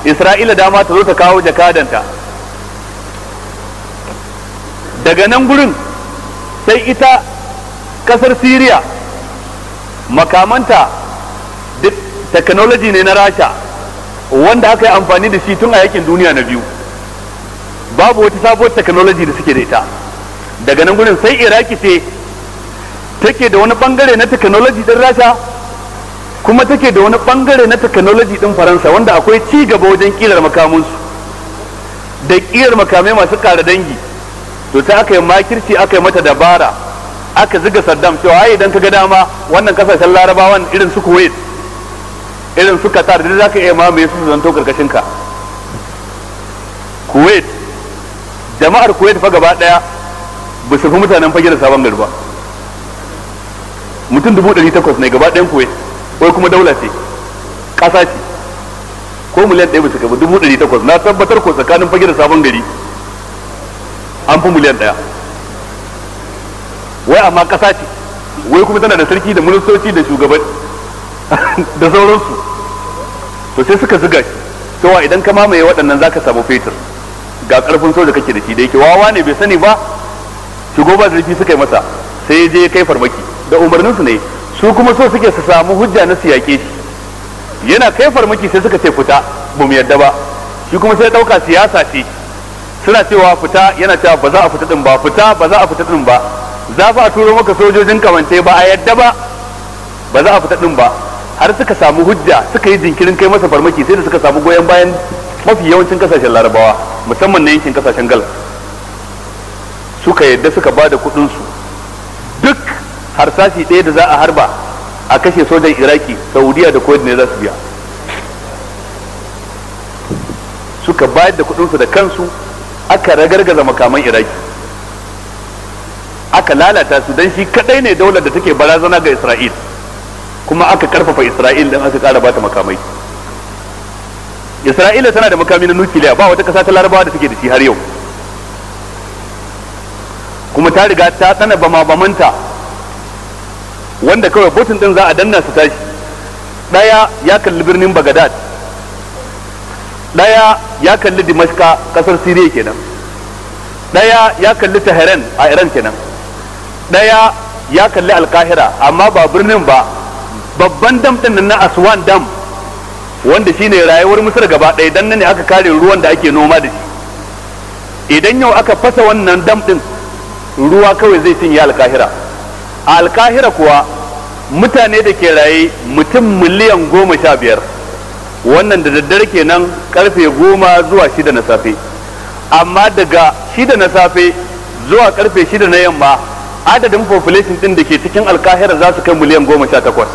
A: Isra'ila dama ta zo ta kawo jakadanta daga nan gurin sai ita kasar Siriya makamanta duk technology ne na Rasha wanda aka yi amfani da shi tun a yakin duniya na biyu babu wata sabuwar technology da suke da ita daga nan gurin sai iraki ce take da wani bangare na technology din rasha kuma take da wani bangare na technology din faransa wanda akwai ci gaba wajen kirar makamansu da kirar makamai masu kara dangi to sai aka yi makirci aka yi mata dabara aka ziga saddam cewa ai idan ka ga dama wannan kasashen larabawan irin su kuwait irin su qatar da za ka iya mamaye su zanto karkashin ka kuwait jama'ar kuwait fa gaba daya ba su fi mutanen fage sabon garba ba mutum dubu ɗari takwas ne gaba ɗayan kuwait wai kuma daula ce ƙasa ce ko miliyan ɗaya bisa gaba dubu ɗari takwas na tabbatar ko tsakanin fage da sabon gari an fi miliyan ɗaya wai amma ƙasa ce wai kuma tana da sarki da ministoci da shugaban [LAUGHS] da sauransu to sai suka zuga shi cewa idan ka mamaye waɗannan zaka samu fetur ga ƙarfin soja kake da shi da yake wawa ne bai sani ba shigo ba zurfi suka yi masa sai ya je ya kai farmaki da su ne su kuma so suke su samu hujja na su yaƙe shi yana kai farmaki sai suka ce fita ba mu yadda ba shi kuma sai ɗauka siyasa ce suna cewa fita yana cewa ba za a fita din ba fita ba za a fita din ba za a turo maka sojojin kamante ba a yadda ba ba za a fita din ba har suka samu hujja suka yi jinkirin kai masa farmaki sai da suka samu goyon bayan mafi yawancin kasashen larabawa musamman na yankin kasashen gal suka yadda suka ba da kudinsu duk harsashi ɗaya da za a harba a kashe sojan iraki saudiya da kuwait ne za su biya suka bayar da kudinsu da kansu aka ragargaza makaman iraki aka lalata su don shi kadai ne daular da take barazana ga isra'il kuma aka karfafa isra'il don aka kara bata makamai isra'ila tana da makami na nukiliya ba wata kasa ta larabawa da take da shi har yau kuma ta riga ta tsana ba bamanta wanda kawai botin din za a danna su tashi daya ya kalli birnin bagadad daya ya kalli dimashka kasar siriya kenan daya ya kalli tahiran a iran kenan daya ya kalli alkahira amma ba birnin ba babban dam din na aswan dam wanda shine rayuwar misir gaba ɗaya dan ne aka kare ruwan da ake noma da shi idan yau aka fasa wannan dam din ruwa kawai zai cinye alkahira a alkahira kuwa mutane da ke raye mutum miliyan goma sha biyar wannan da daddare kenan karfe goma zuwa shida na safe amma daga shida na safe zuwa karfe shida na yamma adadin population din da ke cikin alkahira za su kai miliyan goma sha takwas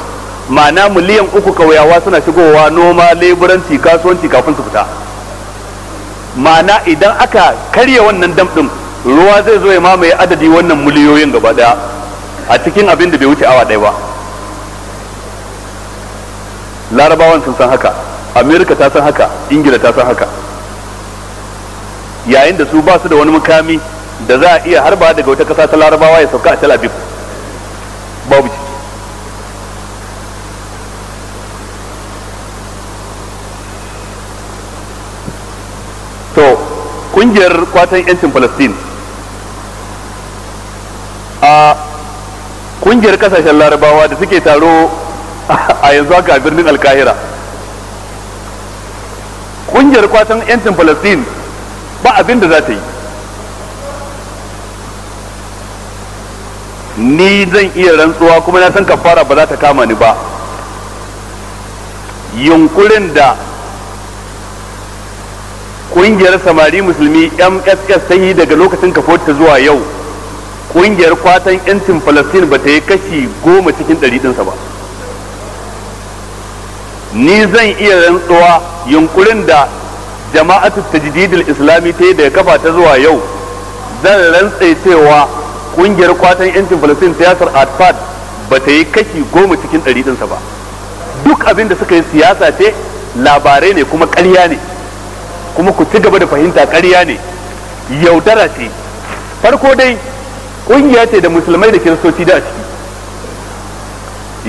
A: ma'ana miliyan uku kauyawa suna shigowa noma leburanci kasuwanci kafin su fita ma'ana idan aka karya wannan dam ɗin ruwa zai zo ya mamaye adadi wannan miliyoyin gaba daya a cikin abin da bai wuce awa ɗaya ba larabawan sun san haka amerika ta san haka ingila ta san haka yayin da su ba su da wani mukami da za a iya harba daga wata kasa ta larabawa ya sauka a tel aviv babu ciki. to kungiyar kwatan yancin palestine kungiyar kasashen larabawa da suke taro a yanzu haka birnin alkahira kungiyar kwatan yancin falastin ba abin da za ta yi ni zan iya rantsuwa kuma na san kafara ba za ta kama ni ba yunkurin da kungiyar samari musulmi mss ta yi daga lokacin ta zuwa yau kungiyar kwatan yancin falastin ba ta yi kashi goma cikin ɗari ɗinsa ba ni zan iya rantsuwa yunkurin da jama'atu jididil islami ta yi da kafa ta zuwa yau zan rantse cewa kungiyar kwatan yancin falastin siyasar atfad ba ta yi kashi goma cikin ɗari ɗinsa ba duk abin da suka yi siyasa ce labarai ne kuma ƙarya ne kuma ku ci gaba da fahimta karya ne yaudara ce farko dai kungiya ce da musulmai da kiristoci da a ciki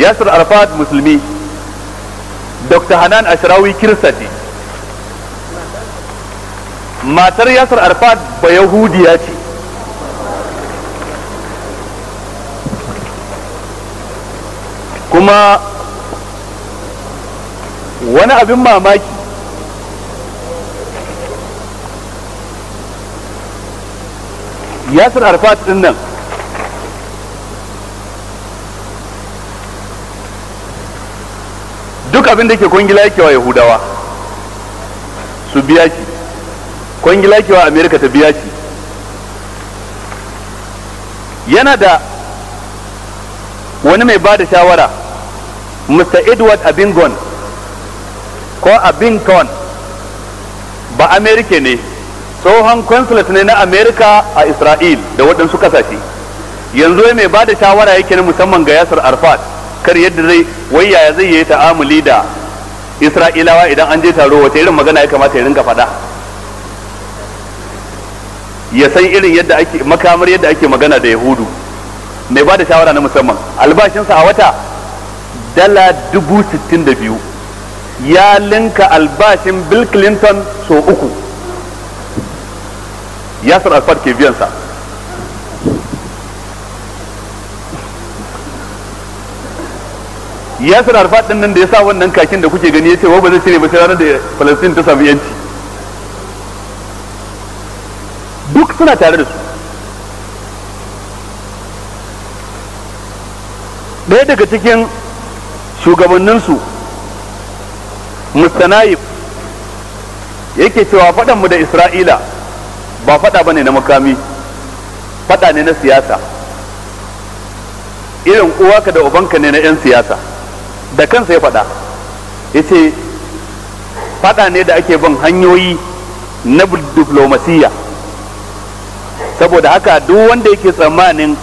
A: yasir arfad musulmi dr hanan ashrawi kirista ce matar yasir arfad ba yahudiya ce kuma wani abin mamaki yasir arfat din nan abin da ke kwangila yake wa yahudawa su biya ki kwangila yake wa amerika ta biya ki yana da wani mai ba da shawara mr edward abingon ko abington ba amerika ne tsohon consulate ne na amerika a isra'il da waɗansu kasashe yanzu mai ba da shawara yake na musamman ga yasir arfat kar yadda zai wai yaya zai yi ta'amuli da isra'ilawa idan an je taro wata irin magana ya kamata ya rinka faɗa ya san irin yadda ake makamar yadda ake magana da yahudu mai ba da shawara na musamman albashinsa a wata dala dubu sittin da biyu ya linka albashin bill clinton so uku yasir alfar ke biyansa yasir arfat din nan da ya sa wannan kakin da kuke gani yace wa ba zai cire ba sai ranar da Palestine ta samu yanci duk suna tare da su ɗaya daga cikin shugabanninsu mustanayib yake cewa faɗanmu da isra'ila ba faɗa ba ne na makami faɗa ne na siyasa irin uwaka da ubanka ne na 'yan siyasa da kansa ya faɗa ya ce faɗa ne da ake bin hanyoyi na diflomasiyya saboda haka duk wanda yake tsammanin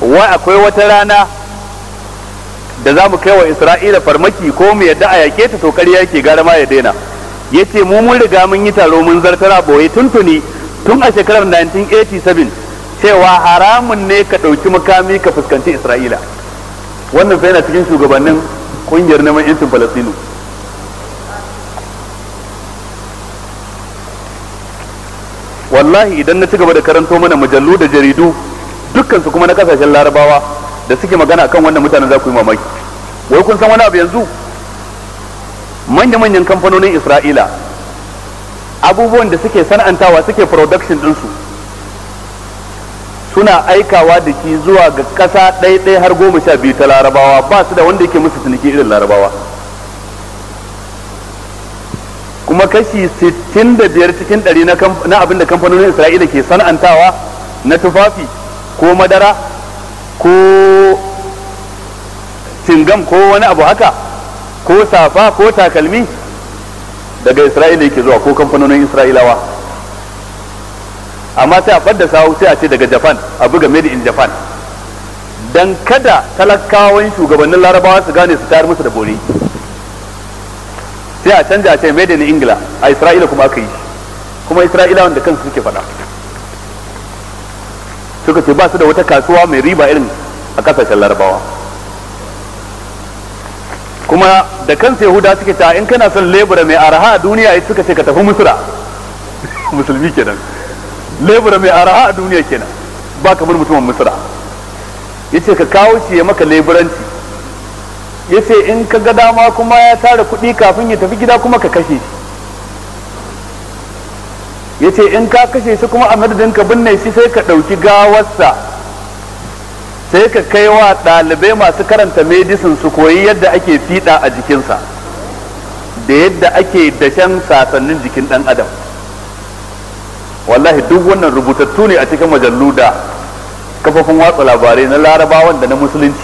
A: wa akwai wata rana da za mu kai wa isra'ila farmaki ko mu yadda a yake ta to ƙarya yake gara ma ya daina ya ce mu mun riga mun yi taro mun zartara boye tuntuni tun a shekarar 1987 cewa haramun ne ka ɗauki makami ka fuskanci isra'ila wannan fa yana cikin shugabannin kungiyar neman yancin falastinu wallahi idan na ci gaba da karanto mana mujallu da jaridu dukkan kuma na kasashen larabawa da suke magana akan wannan mutanen za ku yi mamaki wai kun san wani abu yanzu manya-manyan kamfanonin isra'ila abubuwan da suke sana'antawa suke production ɗinsu suna aikawa da shi zuwa ga ƙasa ɗaiɗai har goma sha biyu ta larabawa ba su da wanda yake musu ciniki irin larabawa kuma kashi sittin da biyar cikin ɗari na abinda kamfanonin isra'ila ke sana'antawa na tufafi ko madara ko cingam ko wani abu haka ko safa ko takalmi daga isra'ila yake zuwa ko kamfanonin isra'ilawa amma sai a fadda sawu sai a ce daga Japan a buga made in Japan dan kada talakawan shugabannin larabawa su gane su tayar musu da bore sai a canja a ce made in Ingila a Isra'ila kuma aka yi kuma isra'ila wanda kansu suke faɗa suka ce ba su da wata kasuwa mai riba irin a kasashen larabawa kuma da kansu yahuda suke ta in kana son lebura mai araha a duniya suka ce ka tafi musura [LAUGHS] musulmi kenan lebura mai araha a duniya kenan ba kamar mutumin misra ce ka kawo shi ya maka leburanci ya ce in ka ga dama kuma ya tara kuɗi kafin ya tafi gida kuma ka kashe shi ce in ka kashe shi kuma a madadin ka binne shi sai ka ɗauki gawarsa sai ka kai wa ɗalibai masu karanta medicine su koyi yadda ake fiɗa a jikinsa da yadda ake dashen sasannin jikin ɗan adam wallahi duk wannan rubutattu ne a cikin majallu da kafofin watsa labarai na larabawan da na musulunci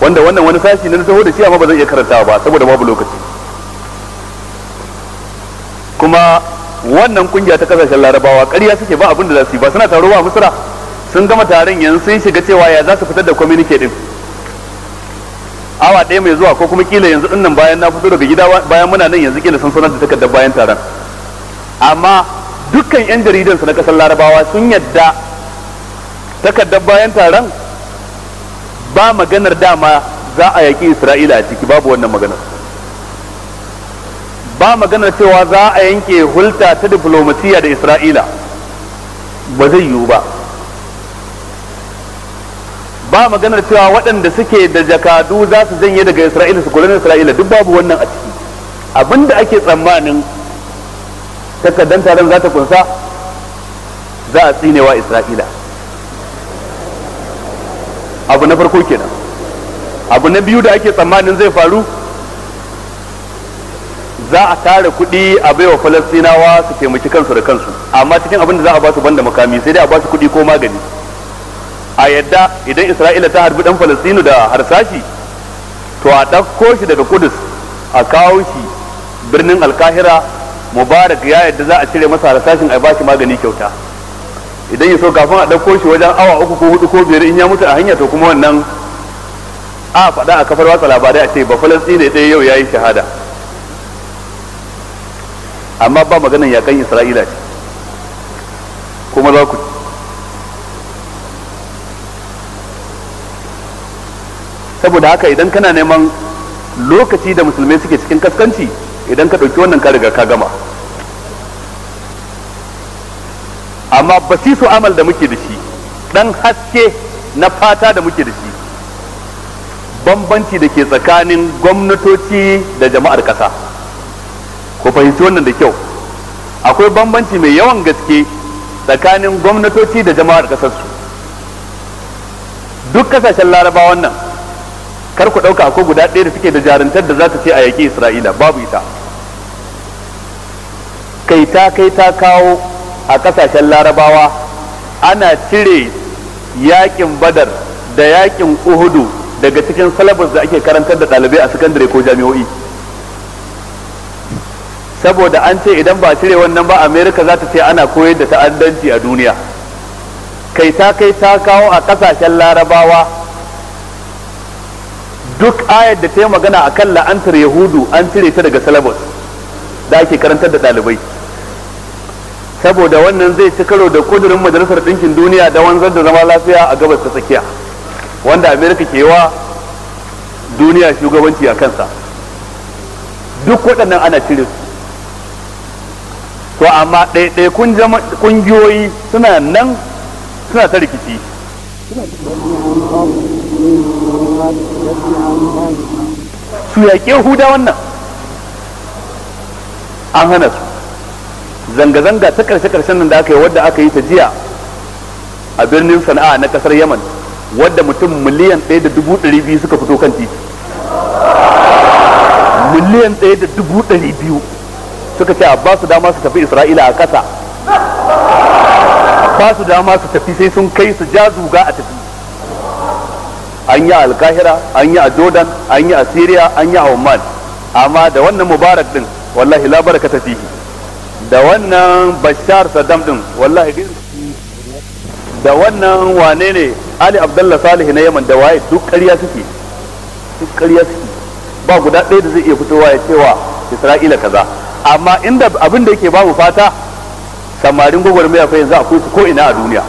A: wanda wannan wani sashi na taho da shi amma ba zan iya karanta ba saboda babu lokaci kuma wannan kungiya ta kasashen larabawa ƙarya suke ba abin da za su yi ba suna taro ba misra sun gama taron yanzu sun shiga cewa ya za su fitar da communique din awa ɗaya mai zuwa ko kuma kila yanzu ɗin nan bayan na fito daga gida bayan muna nan yanzu kila sun sanar da takardar bayan taron amma dukkan 'yan jaridansu na kasar larabawa sun yadda takardar bayan taron ba maganar dama za a yaƙi isra'ila a ciki babu wannan maganar ba maganar cewa za a yanke hulta ta diplomatiya da isra'ila ba zai yiwu ba ba maganar cewa waɗanda suke da jakadu za su janye daga isra'ila su kula isra'ila duk babu wannan a ciki abinda ake tsammanin takardar taron za ta kunsa za a tsinewa isra'ila abu na farko kenan abu na biyu da ake tsammanin zai faru za a tara kuɗi a baiwa falastinawa su taimaki kansu da kansu amma cikin abin da za a ba su banda makami sai dai a ba su kuɗi ko magani a yadda idan isra'ila ta harbi dan falastinu da harsashi to a ɗauko shi daga kudus a kawo shi birnin alkahira mubarak ya yadda za a cire masa harsashin a bashi magani kyauta idan ya so kafin a ɗauko shi wajen awa uku ko hudu ko biyar in ya mutu a hanya to kuma wannan a faɗa a kafar watsa labarai a ce ba falastine ɗaya yau ya yi shahada amma ba maganin yakan isra'ila ce kuma za ku saboda haka idan kana neman lokaci da musulmai suke cikin kaskanci idan ka ɗauki wannan ka riga ka gama amma basisu amal da muke da shi ɗan haske na fata da muke da shi bambanci da ke tsakanin gwamnatoci da jama'ar ƙasa ku fahimci wannan da kyau akwai bambanci mai yawan gaske tsakanin gwamnatoci da jama'ar ƙasarsu duk kasashen laraba wannan kar ku ɗauka ko guda ɗaya da suke da jaruntar da za ta ce a yaƙi isra'ila babu ita kai ta kai ta kawo a kasashen larabawa ana cire yakin badar da yakin uhudu daga cikin salabas da ake karantar da ɗalibai a sakandare ko jami'o'i saboda an ce idan ba cire wannan ba amerika za ta ce ana koyar da ta'addanci a duniya kai ta kai ta kawo a kasashen larabawa duk ayar da ta yi magana a kan la'antar yahudu an cire ta daga salabas da ake karantar da ɗalibai saboda wannan zai ci karo da kudurin majalisar ɗinkin duniya da wanzar da zama lafiya a gabas ta tsakiya wanda amerika ke wa duniya shugabanci a kansa duk waɗannan ana cire su to amma ɗaiɗaikun ƙungiyoyi suna nan suna ta rikici su yaƙe huda wannan an hana su zanga-zanga ta karshe-karshen nan da aka yi wadda aka yi ta jiya a birnin sana'a na kasar yaman wadda mutum miliyan ɗaya da dubu ɗari biyu suka fito kan titi miliyan ɗaya da dubu ɗari biyu suka ce a ba su dama su tafi isra'ila a kasa ba su dama su tafi sai sun kai su ja zuga a tafi an yi a alkahira an yi a jordan an yi a syria an yi a oman amma da wannan mubarak din wallahi labar ka tafi. da wannan bashar saddam din wallahi din da wannan wane ne ali abdullahi salih na yaman da waye duk ƙarya suke duk ƙarya suke ba guda ɗaya da zai iya fitowa ya cewa isra'ila kaza amma inda abin da yake babu fata samarin gwagwarmaya fa yanzu akwai su ko ina a duniya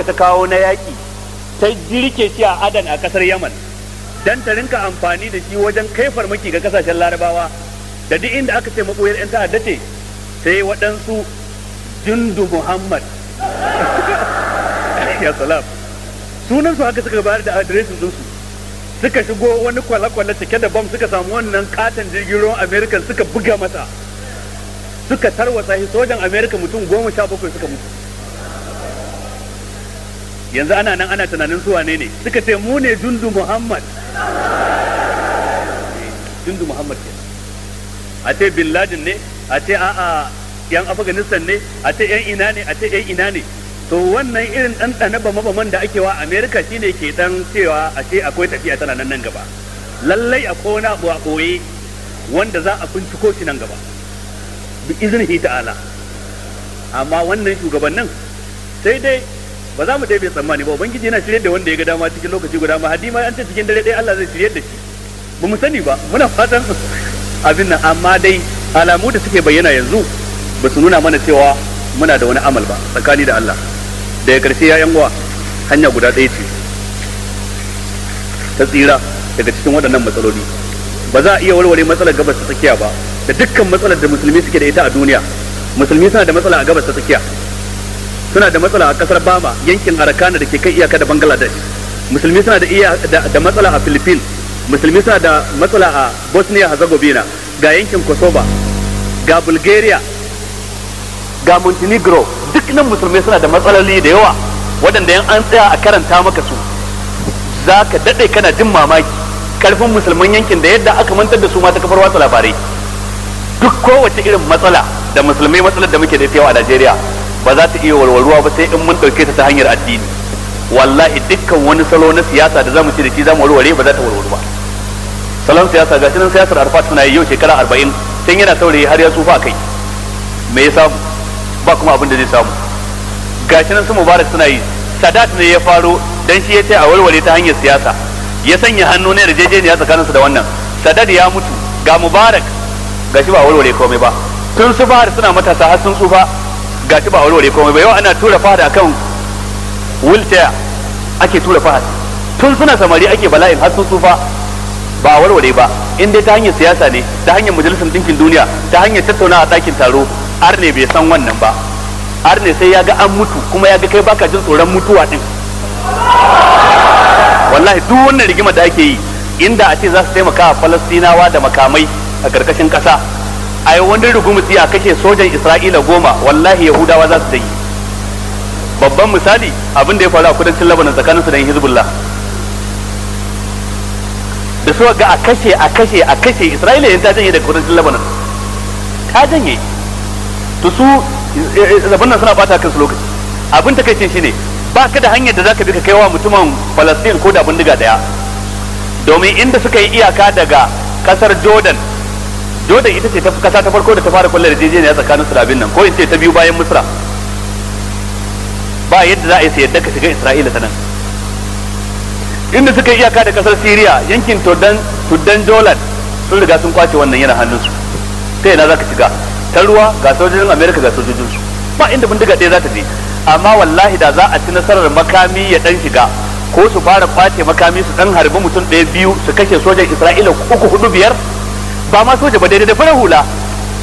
A: ta kawo na yaƙi ta girke shi a adan a kasar yaman dan ta rinka amfani da shi wajen kai farmaki ga kasashen larabawa da duk inda aka ce maboyar yan ta'adda ce sai waɗansu jundu muhammad [LAUGHS] ya salam sunan su haka suka bayar da adireshin dinsu suka shigo wani kwale-kwale cike da bam suka samu wannan katon jirgin ruwan america suka buga masa suka tarwatsa shi sojan america mutum goma sha bakwai suka mutu yanzu ana nan ana tunanin su wane ne suka ce mu ne jundu muhammad jundu muhammad ke a ce bin ladin ne a ce a'a yan afganistan ne a ce yan ina ne a ce yan ina ne to wannan irin ɗanɗana bama-baman da ake wa america shine ke dan cewa a ce akwai tafiya tana nan nan gaba lallai akwai wani abu a ɓoye wanda za a binciko shi nan gaba bi iznihi ta'ala amma wannan shugabannin sai dai ba za mu dai bai tsammani ba ubangiji yana shirye da wanda ya ga dama cikin lokaci guda ma hadima an ce cikin dare ɗaya Allah zai shirye da shi ba mu sani ba muna fatan [LAUGHS] abin nan amma dai alamu da suke bayyana yanzu ba su nuna mana cewa muna da wani amal ba tsakani da Allah da ya karshe ya uwa hanya guda ɗaya ce ta tsira daga cikin waɗannan matsaloli ba za a iya warware matsalar gabas ta tsakiya ba da dukkan matsalar da musulmi suke da ita a duniya musulmi suna da matsala a gabas ta tsakiya suna da matsala a kasar Bama yankin Arakana da ke kan iyaka da Bangladesh musulmi suna da iya da matsala a Philippines musulmi suna da matsala a Bosnia Herzegovina ga yankin kosova ga Bulgaria ga Montenegro duk nan musulmi suna da matsaloli da yawa waɗanda yan an tsaya a karanta maka su za ka daɗe kana jin mamaki karfin musulman yankin da yadda aka mantar da su ma ta kafar watsa labarai duk kowace irin matsala da musulmai matsalar da muke da a Najeriya ba za ta iya walwaluwa ba sai in mun dauke ta ta hanyar addini wallahi dukkan wani salo na siyasa da zamu ci da shi zamu walwale ba za ta walwalu ba salon siyasa ga nan siyasar arfat suna yi yau shekara arba'in tun yana saurayi har ya tsufa kai me ya samu ba kuma abin da zai samu ga nan su mubarak suna yi sadat ne ya faro dan shi ya ce a walwale ta hanyar siyasa ya sanya hannu ne da jejeniya tsakaninsu da wannan sadat ya mutu ga mubarak gashi ba walwale komai ba tun su fara suna matasa har sun tsufa ga ba ba warware komai ba yau ana tura fahad akan wheelchair ake tura fahad tun suna samari ake bala'in har sun tsufa ba warware ba in dai ta hanyar siyasa ne ta hanyar majalisar dinkin duniya ta hanyar tattauna a ɗakin taro ne bai san wannan ba ne sai ya ga an mutu kuma ya ga kai baka jin tsoron mutuwa din wallahi duk wannan rigima da ake yi inda a ce za su taimaka a falastinawa da makamai a karkashin ƙasa a yi wani rugumutsi a kashe sojan isra'ila goma wallahi yahudawa za su yi babban misali abin da ya faru a kudancin labanin tsakanin su da hezbollah da su ga a kashe a kashe a kashe isra'ila yin ta janye daga kudancin labanin ta janye to su zabin eh, eh, nan suna bata kansu lokaci abin ta kai shine ba ka da hanyar da za ka bi ka kaiwa mutumin falastin ko da bindiga daya domin inda suka yi iyaka daga kasar jordan jordan ita ce ta kasa ta farko da ta fara kulle yarjejeniya tsakanin su da nan ko in ce ta biyu bayan misra ba yadda za a yi yadda ka shiga isra'ila ta nan inda suka yi iyaka da kasar syria yankin tuddan tuddan jolan sun riga sun kwace wannan yana hannunsu ta yana za ka shiga ta ruwa ga sojojin america ga su ba inda bindiga ɗaya za ta je amma wallahi da za a ci nasarar makami ya dan shiga ko su fara kwace makami su dan harbi mutum ɗaya biyu su kashe sojan isra'ila uku hudu biyar ba ma soja ba daidai da fara hula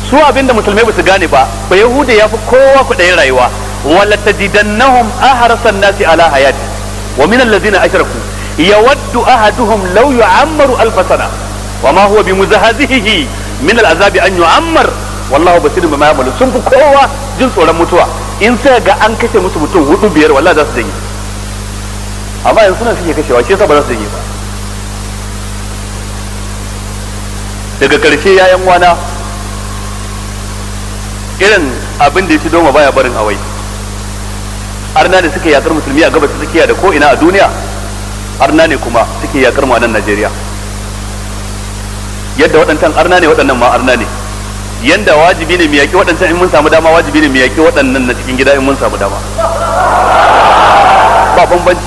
A: su abinda musulmai ba su gane ba ba yahuda ya fi kowa kudayen rayuwa wala tajidannahum ahrasan nasi ala hayati wa min allazina ashraku yawaddu ahaduhum law yu'ammaru alf sana wa ma huwa bimuzahazihi min al'azabi an yu'ammar wallahu basirun bima ya'malu sun fi kowa jin tsoron mutuwa in sai ga an kashe musu mutum hudu biyar wallahi za su janye amma yanzu suna suke kashewa shi yasa ba za su janye ba daga karshe yayan wana irin abin da ya ci doma baya barin awai arna ne suke yakar musulmi a gabas tsakiya da ko ina a duniya arna ne kuma suke yakar mu a nan Najeriya yadda waɗancan arna ne waɗannan ma arna ne yanda wajibi ne mu waɗancan in mun samu dama wajibi ne mu waɗannan na cikin gida in mun samu dama ba bambanci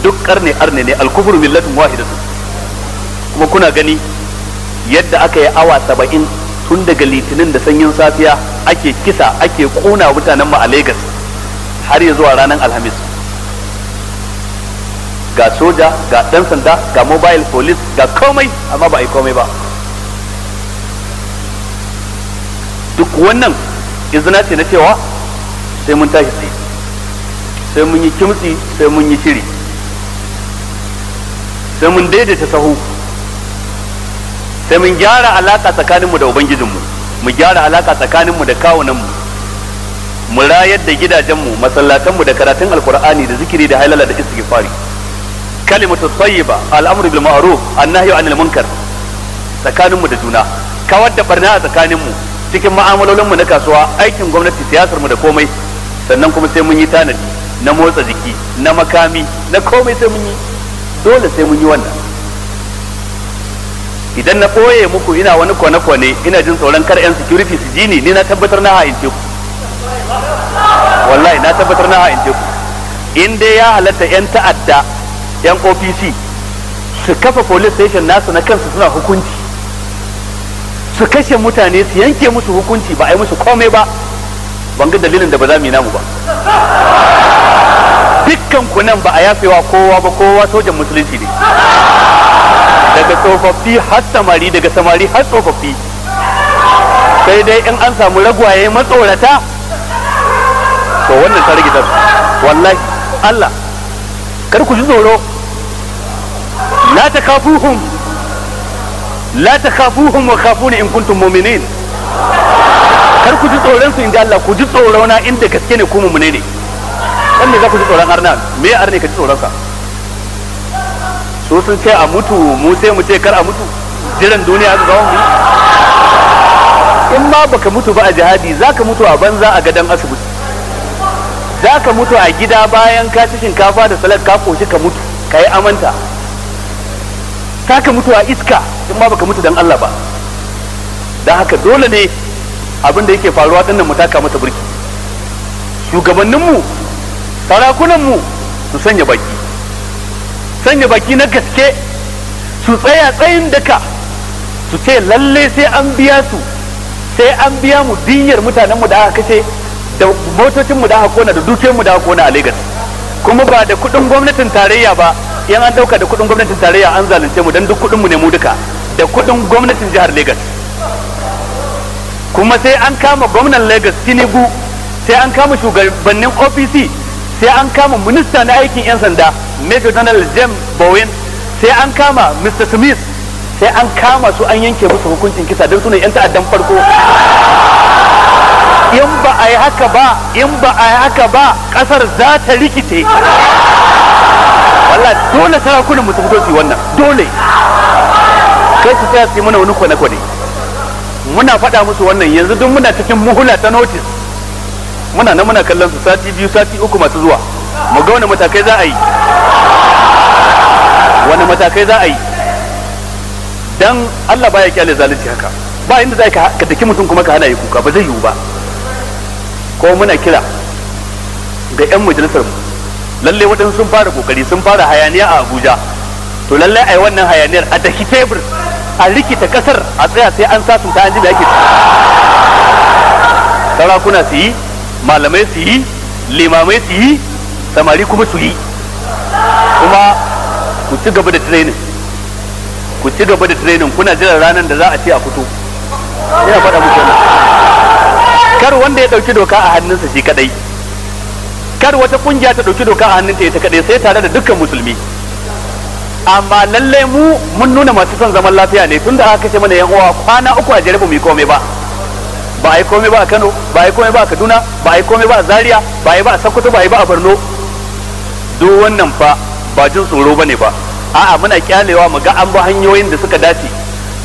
A: duk ƙarni arne ne alkufur millatin wahidatu kuma kuna gani yadda aka yi awa saba'in tun daga litinin da sanyin safiya ake kisa ake kuna mutanen mu a Legas har ya zuwa ranar Alhamis ga soja ga ɗan sanda ga mobile police ga komai amma ba a yi komai ba duk wannan izina ce na cewa sai mun tashi sai sai mun yi kimtsi sai mun yi shiri sai mun daidaita sahu sai mun gyara alaka tsakaninmu da ubangijinmu mu gyara alaka tsakaninmu da kawunanmu mu rayar da gidajenmu masallatanmu da karatun alkur'ani da zikiri da halala da istighfari kalimatu tayyiba al'amru bil ma'ruf annahyu anil munkar tsakaninmu da juna kawar da barna a tsakaninmu cikin mu na kasuwa aikin gwamnati siyasarmu da komai sannan kuma sai mun yi tanadi na motsa jiki na makami na komai sai mun yi dole sai mun yi wannan idan na ɓoye muku ina wani kwane-kwane ina jin tsoron kar 'yan security su ji ni na tabbatar na ha'ince ku wallahi na tabbatar na ha'ince ku in dai ya halatta 'yan ta'adda 'yan opc su kafa police station nasu na kansu suna hukunci su kashe mutane su yanke musu hukunci ba a yi musu komai ba ban ga dalilin da ba za mu yi namu ba dukkan ku nan ba a yafewa kowa ba kowa sojan musulunci ne daga tsofaffi har samari daga samari har tsofaffi sai dai in an samu ragwaye matsorata to wannan ta rage wallahi Allah kar ku ji tsoro la kafuhum la kafuhum wa kafuni in kuntum mu'minin kar ku ji tsoron su inda Allah ku ji tsorona inda gaske ne ku mu'mine ne dan ne za ku ji tsoron arna me arne ka ji tsoron ka su sun ce a mutu mu sai mu ce kar a mutu jiran duniya su zama mu in ma baka mutu ba a jihadi za ka mutu a banza a gadon asibiti za ka mutu a gida bayan ka ci shinkafa da salat ka koshi ka mutu ka yi amanta ka mutu a iska in ma baka mutu dan Allah ba da haka dole ne abin da yake faruwa dinnan mu taka mata burki shugabanninmu sarakunanmu su sanya baki sanya baki na gaske su tsaya tsayin daka su ce lalle sai an biya su sai an biya mu diyar mutanen mu da aka kashe da motocin mu da aka kona da dukiyar mu da aka kona a Lagos kuma ba da kudin gwamnatin tarayya ba yan an dauka da kudin gwamnatin tarayya an zalunce mu dan duk kudin mu ne mu duka da kudin gwamnatin jihar Lagos kuma sai an kama gwamnan Lagos Tinubu sai an kama shugabannin OPC sai an kama minista na aikin 'yan sanda major general james bowen sai an kama mr smith sai an kama su an yanke musu hukuncin kisa don su ne 'yan ta'addan farko in ba a yi haka ba in ba a yi haka ba kasar za ta rikice wallah dole sarakunan mu su fito su wannan dole kai su tsaya su yi mana wani kwane-kwane muna faɗa musu wannan yanzu duk muna cikin muhula ta notice muna nan muna kallon su sati biyu sati uku masu zuwa mu ga wani matakai za a yi wani matakai za a yi dan Allah baya kyale zalunci haka ba inda zai ka daki mutum kuma ka hana yi kuka ba zai yiwu ba ko muna kira ga yan majalisar mu lalle waɗansu sun fara kokari sun fara hayaniya a Abuja to lalle ai wannan hayaniyar a daki tebur a rikita kasar a tsaya sai an ta an ji da ake sarakuna su yi malamai su yi limamai su yi samari kuma su yi kuma ku ci gaba da training ku ci gaba da training kuna jiran ranar da za a ce a fito ina faɗa muku kar wanda ya ɗauki doka a hannunsa shi kadai kar wata kungiya ta ɗauki doka a hannunta ita kadai sai tare da dukkan musulmi amma lallai mu mun nuna masu son zaman lafiya ne tunda aka kashe mana yan uwa kwana uku a jarabu ba mu yi komai ba ba a komai ba Kano ba komai ba Kaduna ba a yi komai ba a Zaria ba a yi ba a Sokoto ba ba Borno duk wannan fa ba jin tsoro bane ba a'a muna kyalewa mu ga an ba hanyoyin da suka dace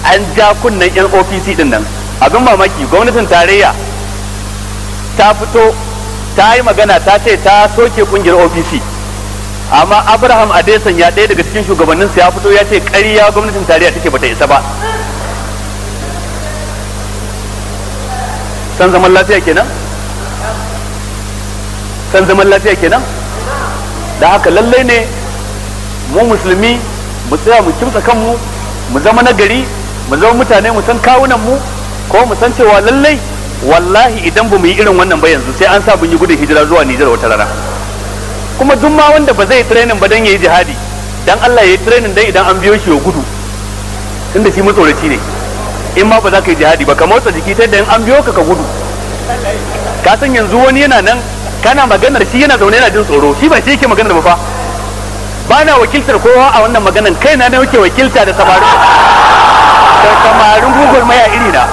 A: an ja kunnen yan OPC din nan abin mamaki gwamnatin tarayya ta fito ta yi magana ta ce ta soke kungiyar OPC amma Abraham Adesan ya ɗaya daga cikin shugabannin su ya fito ya ce ƙarya gwamnatin tarayya take bata isa ba san zaman lafiya kenan san zaman lafiya kenan da haka lallai ne mu musulmi mu tsaya mu kimsa kanmu mu zama gari mu zama mutane mu san kawunan mu ko mu san cewa lallai wallahi idan ba mu yi irin wannan ba yanzu sai an sa mun yi gudun hijira zuwa Nijar wata rana kuma duk ma wanda ba zai training ba dan yayi jihadi dan Allah ya yi training dan idan an biyo shi ya gudu tunda shi matsoraci ne in ma ba za ka yi jihadi ba ka motsa jiki ta yadda an biyo ka ka gudu ka san yanzu wani yana nan kana maganar shi yana zaune yana jin tsoro shi ba shi yake maganar ba fa ba na wakiltar kowa a wannan maganar kai na nake wakilta da samarin da samarin google maya iri na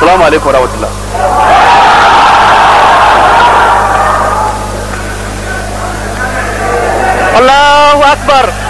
A: salamu alaikum wa rahmatullah Allahu akbar